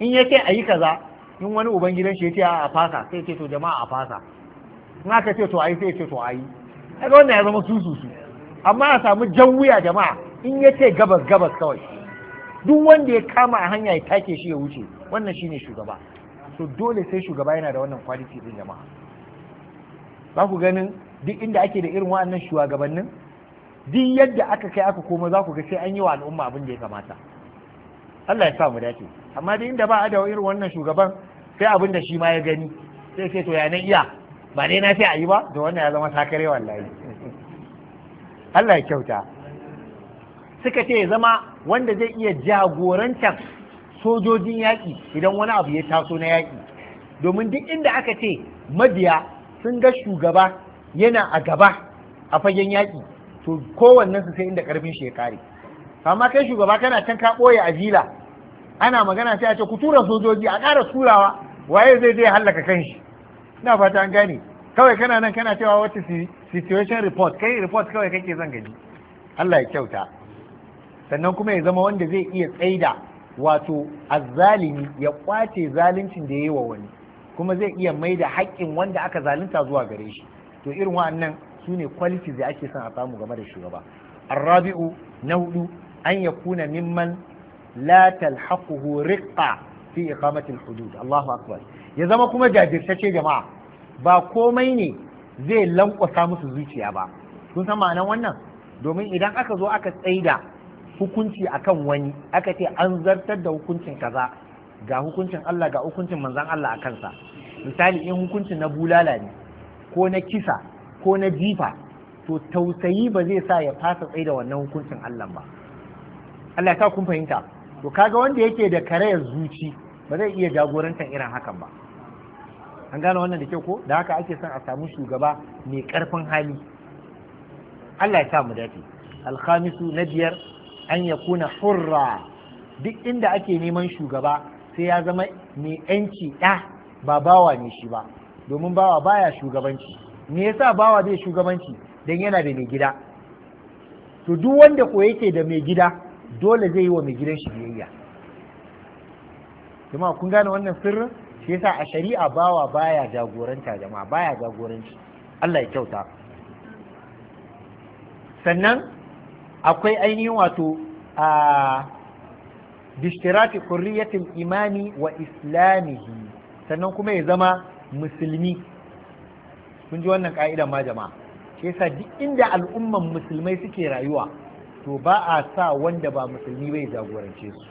in ya ce a yi kaza in wani ubangidan shi ya ce a fasa sai ce to jama'a a fasa in aka ce to ayi sai ce to ayi. yi kaga wannan ya zama sususu amma a samu jan wuya jama'a in ya ce gabas gabas kawai duk wanda ya kama a hanya ya take shi ya wuce wannan shine shugaba so dole sai shugaba yana da wannan kwaliti din jama'a za ku ganin duk inda ake da irin wa'annan shugabannin duk yadda aka kai aka koma za ku ga sai an yi wa al'umma abin da ya kamata Allah ya sa mu dace amma duk inda ba a da irin wannan shugaban sai abin da shi ma ya gani sai sai to ya iya ba ne na sai a yi ba da wannan ya zama sakare wallahi Allah ya kyauta suka ce ya zama wanda zai iya jagorantar sojojin yaƙi idan wani abu ya taso na yaƙi domin duk inda aka ce mabiya sun ga shugaba yana a gaba a fagen yaƙi to kowannen sai inda ƙarfin shi ya kare amma kai shugaba kana can ka ɓoye a jila ana magana sai a ce ku tura sojoji a ƙara turawa waye zai je hallaka kanshi ina fata an gane kawai kana nan kana cewa wata situation report kai report kawai kake zan gani Allah ya kyauta sannan kuma ya zama wanda zai iya tsaida wato azzalimi ya kwace zaluncin da ya yi wa wani kuma zai iya mai da haƙƙin wanda aka zalunta zuwa gare shi to irin wa'annan su ne qualities da ake son a samu game da shugaba arrabi'u na hudu an ya kuna mimman لا تلحقه رقة في إقامة الحدود hudud Allahu akbar ya zama kuma jajirtacce jama'a ba komai ne zai lankwasa musu zuciya ba kun san wannan domin idan aka zo aka tsaida hukunci akan wani aka ce an zartar da hukuncin kaza ga hukuncin Allah ga hukuncin manzan Allah a kansa misali in hukuncin na bulala ne ko na kisa ko na jifa to tausayi ba zai sa ya fasa tsaida wannan hukuncin Allah ba Allah ya sa kun fahimta to kaga wanda yake da karayar zuci ba zai iya jagorantar irin hakan ba an gane wannan da kyau ko da haka ake son a samu shugaba mai karfin hali Allah ya sa mu dace alkhamisu na biyar an ya kuna hurra duk inda ake neman shugaba sai ya zama mai yanci ɗa ba bawa ne shi ba domin bawa baya shugabanci me yasa bawa zai shugabanci dan yana da mai gida to duk wanda ko yake da mai gida dole zai yi wa mai gidan shi biyayya kun gane wannan sirrin shi yasa a shari'a bawa baya jagoranta jama'a baya jagoranci Allah ya kyauta sannan akwai ainihin wato a bishtirati kurriyatin imani wa islamihi sannan kuma ya zama musulmi kun ji wannan ka'idan ma jama'a shi yasa duk inda al'umman musulmai suke rayuwa to ba a sa wanda ba musulmi bai jagorance su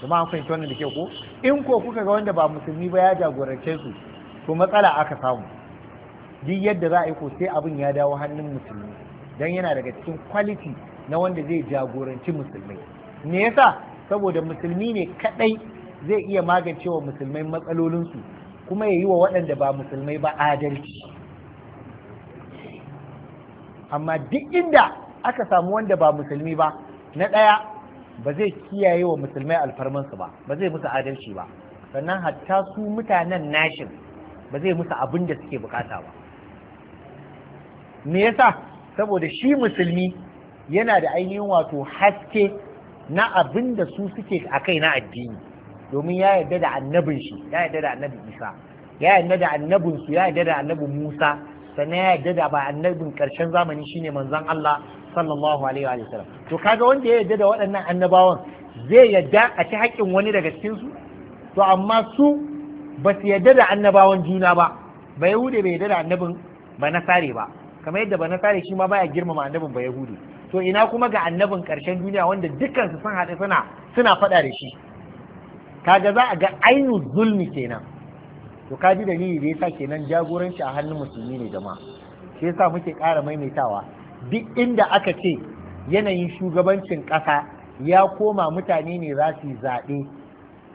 kuma an fahimci wannan da ke ko in ko kuka ga wanda ba musulmi ba ya jagorance su to matsala aka samu duk yadda za a yi ko sai abin ya dawo hannun musulmi dan yana daga cikin quality na wanda zai jagoranci musulmai me yasa saboda musulmi ne kadai zai iya magance magancewa musulmai matsalolinsu kuma ya yi wa waɗanda ba musulmai ba adalci amma duk inda aka samu wanda ba musulmi ba na ɗaya ba zai kiyaye wa musulmai alfarmansu ba ba zai musu adalci ba sannan hatta su mutanen nashin ba zai musu abin da suke bukata ba me yasa saboda shi musulmi yana da ainihin wato haske na abin da su suke a kai na addini domin ya yarda da annabin shi ya yarda da annabin isa ya yarda da annabin su ya yarda da annabin musa sannan ya yarda da ba annabin karshen zamani shine manzon Allah sallallahu alaihi wa sallam to kaga wanda ya yarda da waɗannan annabawan zai yarda a ci haƙƙin wani daga cikin su to amma su ba su yarda da annabawan juna ba ba yahude bai yarda da annabin ba nasare ba kamar yadda ba nasare shi ma baya girmama annabin ba yahude to ina kuma ga annabin ƙarshen duniya wanda dukkan su sun haɗe suna suna faɗa da shi kaga za a ga ainu zulmi kenan to ka ji dalili da yasa kenan jagoranci a hannun musulmi ne jama'a shi yasa muke ƙara maimaitawa duk inda aka ce yanayin shugabancin ƙasa ya koma mutane ne za su yi zaɓe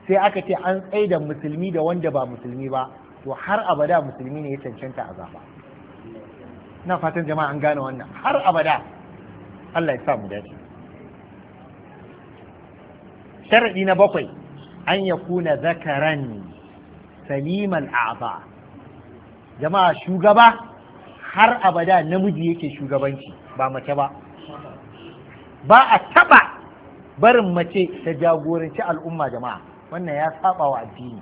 sai aka ce an tsaida musulmi da wanda ba musulmi ba to har abada musulmi ne ya cancanta a zaɓa na fatan jama'a an gane wannan har abada Allah ya sa mu dace sharadi na bakwai an ya kuna zakaran Salimal a'za jama'a shugaba har abada namiji yake shugabanci ba mace ba ba a taɓa barin mace ta jagoranci al'umma jama'a wannan ya saba wa addini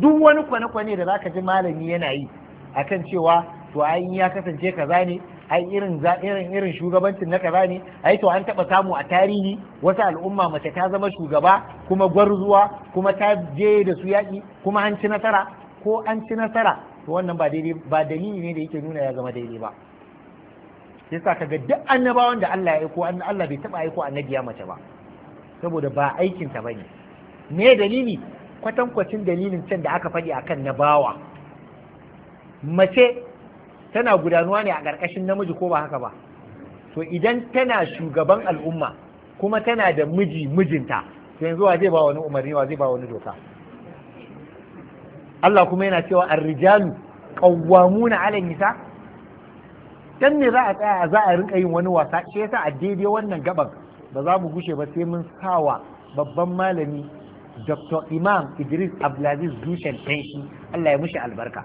duk wani kwane-kwane da za ka ji malami yana yi akan cewa to ai ya kasance kaza ne ai irin irin irin shugabancin na kaza ne ai to an taba samu a tarihi wasu al'umma mace ta zama shugaba kuma gwarzuwa kuma ta je da su yaƙi kuma an ci nasara ko an ci nasara to wannan ba daidai ba dalili ne da yake nuna ya zama daidai ba yasa kaga duk annabawan da Allah ya aiko Allah bai taba aiko annabi ya mace ba saboda ba aikin ta bane me dalili kwatankwacin dalilin can da aka faɗi akan na bawa mace tana gudanuwa ne a ƙarƙashin namiji ko ba haka ba to idan tana shugaban al'umma kuma tana da miji mijinta yanzu wa zai ba wani umarni wa zai ba wani doka Allah kuma yana cewa ar-rijalu qawwamuna 'ala nisa dan ne za a tsaya za a rinka yin wani wasa shi yasa a daidai wannan gaban ba za mu gushe ba sai mun sawa babban malami Dr. Imam Idris Abdulaziz Dushen Tanshi Allah ya mushi albarka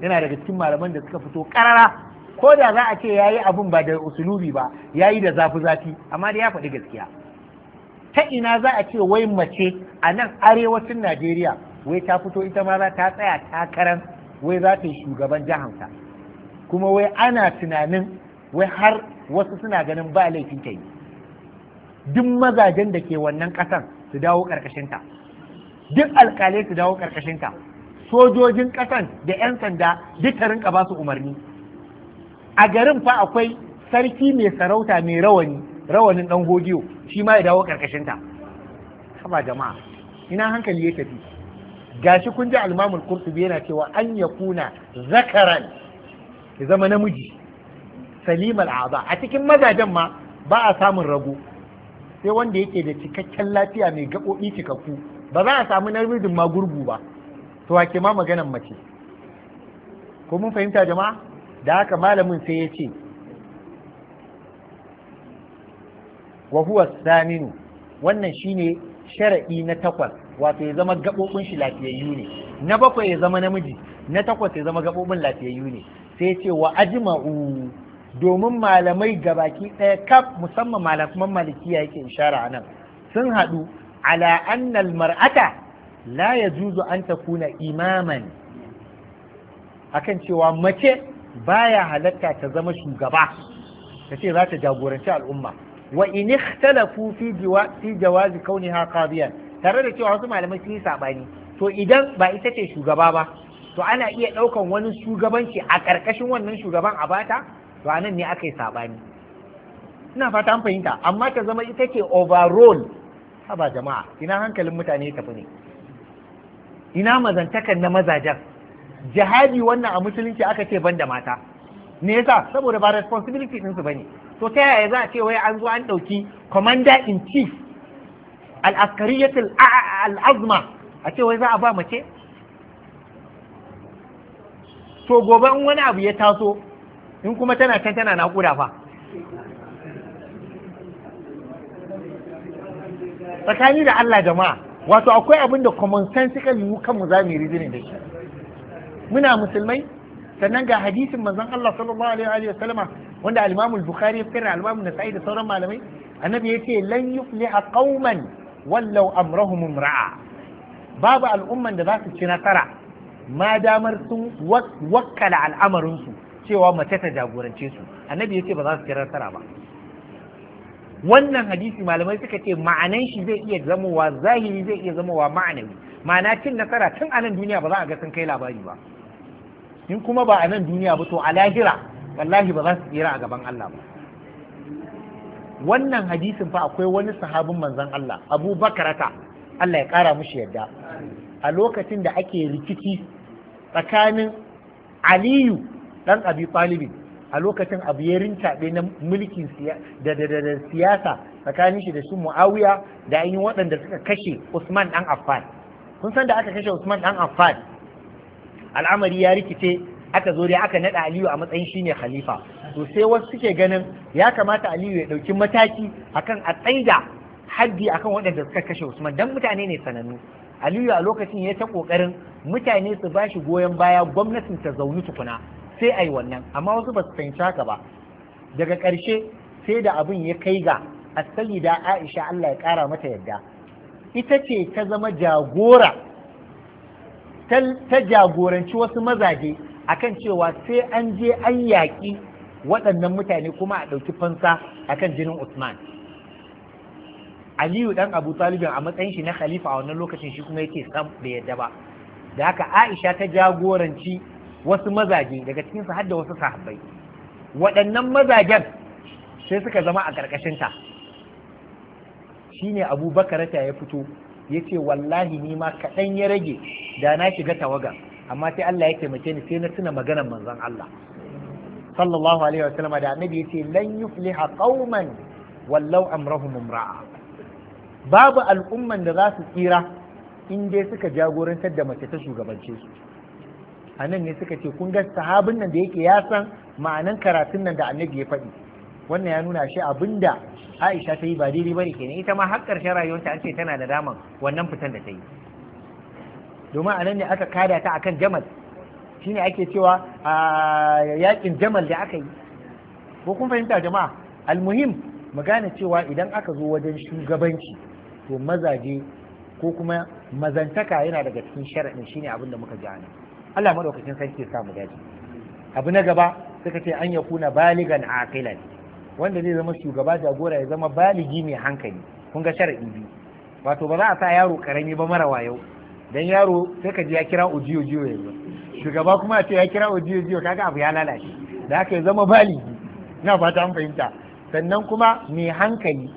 yana daga cikin malaman da suka fito karara ko da za a ce yayi abun ba da usulubi ba Ya yi da zafi zafi amma da ya faɗi gaskiya ta ina za a ce wai mace a nan arewacin Najeriya wai ta fito ita ma za ta tsaya takaran wai za ta yi shugaban jihanta kuma wai ana tunanin wai har wasu suna ganin ba laifin ta yi duk mazajen da ke wannan ƙasan su dawo ƙarƙashinta duk alƙalai su dawo ƙarƙashinta sojojin ƙasan da 'yan sanda duk ta rinka ba su umarni a garin fa akwai sarki mai sarauta mai rawani rawanin ɗan godiyo shi ma ya dawo ƙarƙashinta ba jama'a ina hankali ya tafi gashi kun ji almamul qurtubi yana cewa an yakuna zakaran ya zama namiji salim aza. a cikin mazajen ma ba a samun rago sai wanda yake da cikakken lafiya mai gaɓoɓi cikakku ba za a samu namijin magurgu ba to ke ma maganan mace ko mun fahimta jama'a da haka malamin sai ya ce wa huwa saminu wannan shine sharaɗi na takwas wato ya zama gaɓoɓin shi lafiyayyu ne na bakwai ya zama namiji na takwas ya zama gaɓoɓin lafiyayyu ne sai ce wa ajma'u domin malamai gabaki ɗaya kaf musamman malaman malikiya yake ishara a nan sun haɗu ala annal mar'ata la ya juzu an ta kuna imaman akan cewa mace baya halatta ta zama shugaba ta ce za ta jagoranci al'umma wa in ikhtalafu fi jawazi kauniha qadiyan tare da cewa wasu malamai sun yi saɓani to idan ba ita ce shugaba ba to ana iya ɗaukan wani shugabanci a ƙarƙashin wannan shugaban a bata to anan ne aka yi saɓani ina fata an fahimta amma ta zama ita ce overall haba jama'a ina hankalin mutane tafi ne ina mazantakan na mazajen jihadi wannan a musulunci aka ce ban da mata me yasa saboda ba responsibility ɗinsu bane to ta yaya za a ce wai an zo an ɗauki commander in chief al'askariyatul al'azma a ce wai za a ba mace to gobe in wani abu ya taso in kuma tana can tana naƙuda fa tsakani da Allah jama'a wato akwai abin da common sensical yiwu kanmu za mu yi rizinin da shi muna musulmai sannan ga hadisin manzon Allah sallallahu alaihi wa sallama wanda al-Imam al-Bukhari ya fitar al-Imam Nasa'i da sauran malamai annabi yace lan yufliha qauman wallau amrahum imra'a babu al'umman da za su ci nasara ma damar sun wakkala al'amarinsu cewa mace ta jagorance su annabi ya ce ba za su ci nasara ba wannan hadisi malamai suka ce ma'anan shi zai iya zamowa zahiri zai iya zamowa ma'anawi ma'ana cin nasara tun a nan duniya ba za a ga sun kai labari ba in kuma ba a nan duniya ba to a lahira wallahi ba za su tsira a gaban Allah ba wannan hadisin fa akwai wani sahabin manzon Allah Abu Bakarata Allah ya kara mushi yadda a lokacin da ake rikici tsakanin Aliyu dan Abi Talib a lokacin abu ya rincaɓe na mulkin siyasa tsakanin shi da su Muawiya da ayi yi waɗanda suka kashe Usman dan Affan kun san da aka kashe Usman dan Affan al'amari ya rikice aka zo dai aka naɗa aliyu a matsayin shine khalifa to sai wasu suke ganin ya kamata aliyu ya ɗauki mataki akan a tsaida haddi akan waɗanda suka kashe usman dan mutane ne sanannu aliyu a lokacin ya ta kokarin mutane su ba shi goyon baya gwamnatin ta zauni tukuna sai ai wannan amma wasu ba su fahimci haka ba daga ƙarshe sai da abin ya kai ga asali da aisha allah ya ƙara mata yadda ita ce ta zama jagora ta jagoranci wasu mazaje A kan cewa sai an je an yaƙi waɗannan mutane kuma a ɗauki fansa a kan jinin Usman Aliyu ɗan Abu Talibin a matsayin shi na khalifa a wannan lokacin shi kuma yake sam da yadda ba da haka Aisha ta jagoranci wasu mazaje daga cikin su har da wasu sahabbai waɗannan mazajen sai suka zama a ta. Shi ne Abu Bakarata ya fito ya ce wallahi ni ma kaɗan ya rage da na shiga tawaga amma sai Allah ya taimake ni sai na tuna maganar manzon Allah sallallahu alaihi wa sallam da annabi yace lan yufliha qauman wallau amrahum imra'a babu al'umman da za su tsira in dai suka jagorantar da mace ta shugabance su a nan ne suka ce kun ga sahabin nan da yake ya san ma'anan karatun nan da annabi ya faɗi wannan ya nuna shi abinda Aisha ta yi ba daidai bane kenan ita ma har ƙarshen rayuwarta an ce tana da daman wannan fitan da ta yi domin a nan ne aka kada ta akan jamal shine ake cewa a yakin jamal da aka yi ko kun fahimta jama'a almuhim mu gane cewa idan aka zo wajen shugabanci to mazaje ko kuma mazantaka yana daga cikin sharaɗin shine abin da muka gane Allah madaukakin sarki ya samu dace abu na gaba suka ce an yakuna baligan aqilan wanda zai zama shugaba jagora ya zama baligi mai hankali kun ga sharaɗi biyu wato ba za a sa yaro karami ba mara wayo dan yaro sai ka ji ya kira ujiyo jiyo yanzu shugaba kuma ce ya kira ujiyo jiyo kaga abu ya lalace da aka zama bali na fata an fahimta sannan kuma mai hankali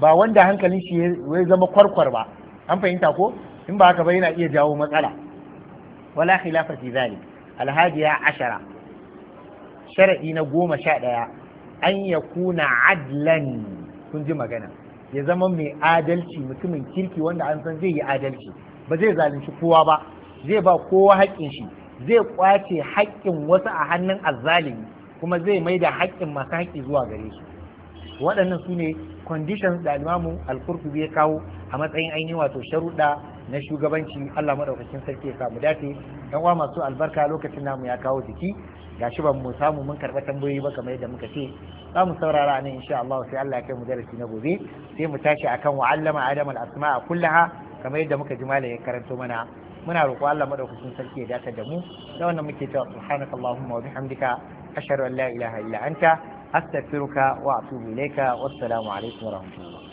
ba wanda hankalin shi ya zama kwarkwar ba an fahimta ko in ba haka ba yana iya jawo matsala wala khilafa fi zalik alhadiya ashara shar'i na goma sha daya an ya kuna adlan kun ji magana ya zama mai adalci mutumin kirki wanda an san zai yi adalci ba zai zalunci kowa ba zai ba kowa haƙƙin shi zai ƙwace haƙƙin wasu a hannun azzalimi kuma zai mai da haƙƙin masu haƙƙi zuwa gare su waɗannan su ne conditions da alimamu alkurtubi ya kawo a matsayin ainihin wato sharuɗa na shugabanci Allah maɗaukacin sarki ya samu dace ɗan uwa masu albarka lokacin namu ya kawo jiki gashi ba mu samu mun karɓa tambayoyi ba kamar yadda muka ce za mu saurara nan insha Allah sai Allah ya kai mu darasi na gobe sai mu tashi akan wa'allama adam al-asma'a kullaha kamar yadda muka ji malam ya karanto mana muna roƙo Allah madaukakin sarki ya dace da mu da wannan muke cewa subhanakallahumma wa bihamdika ashhadu an la ilaha illa anta astaghfiruka wa atubu ilayka wassalamu alaikum wa rahmatullah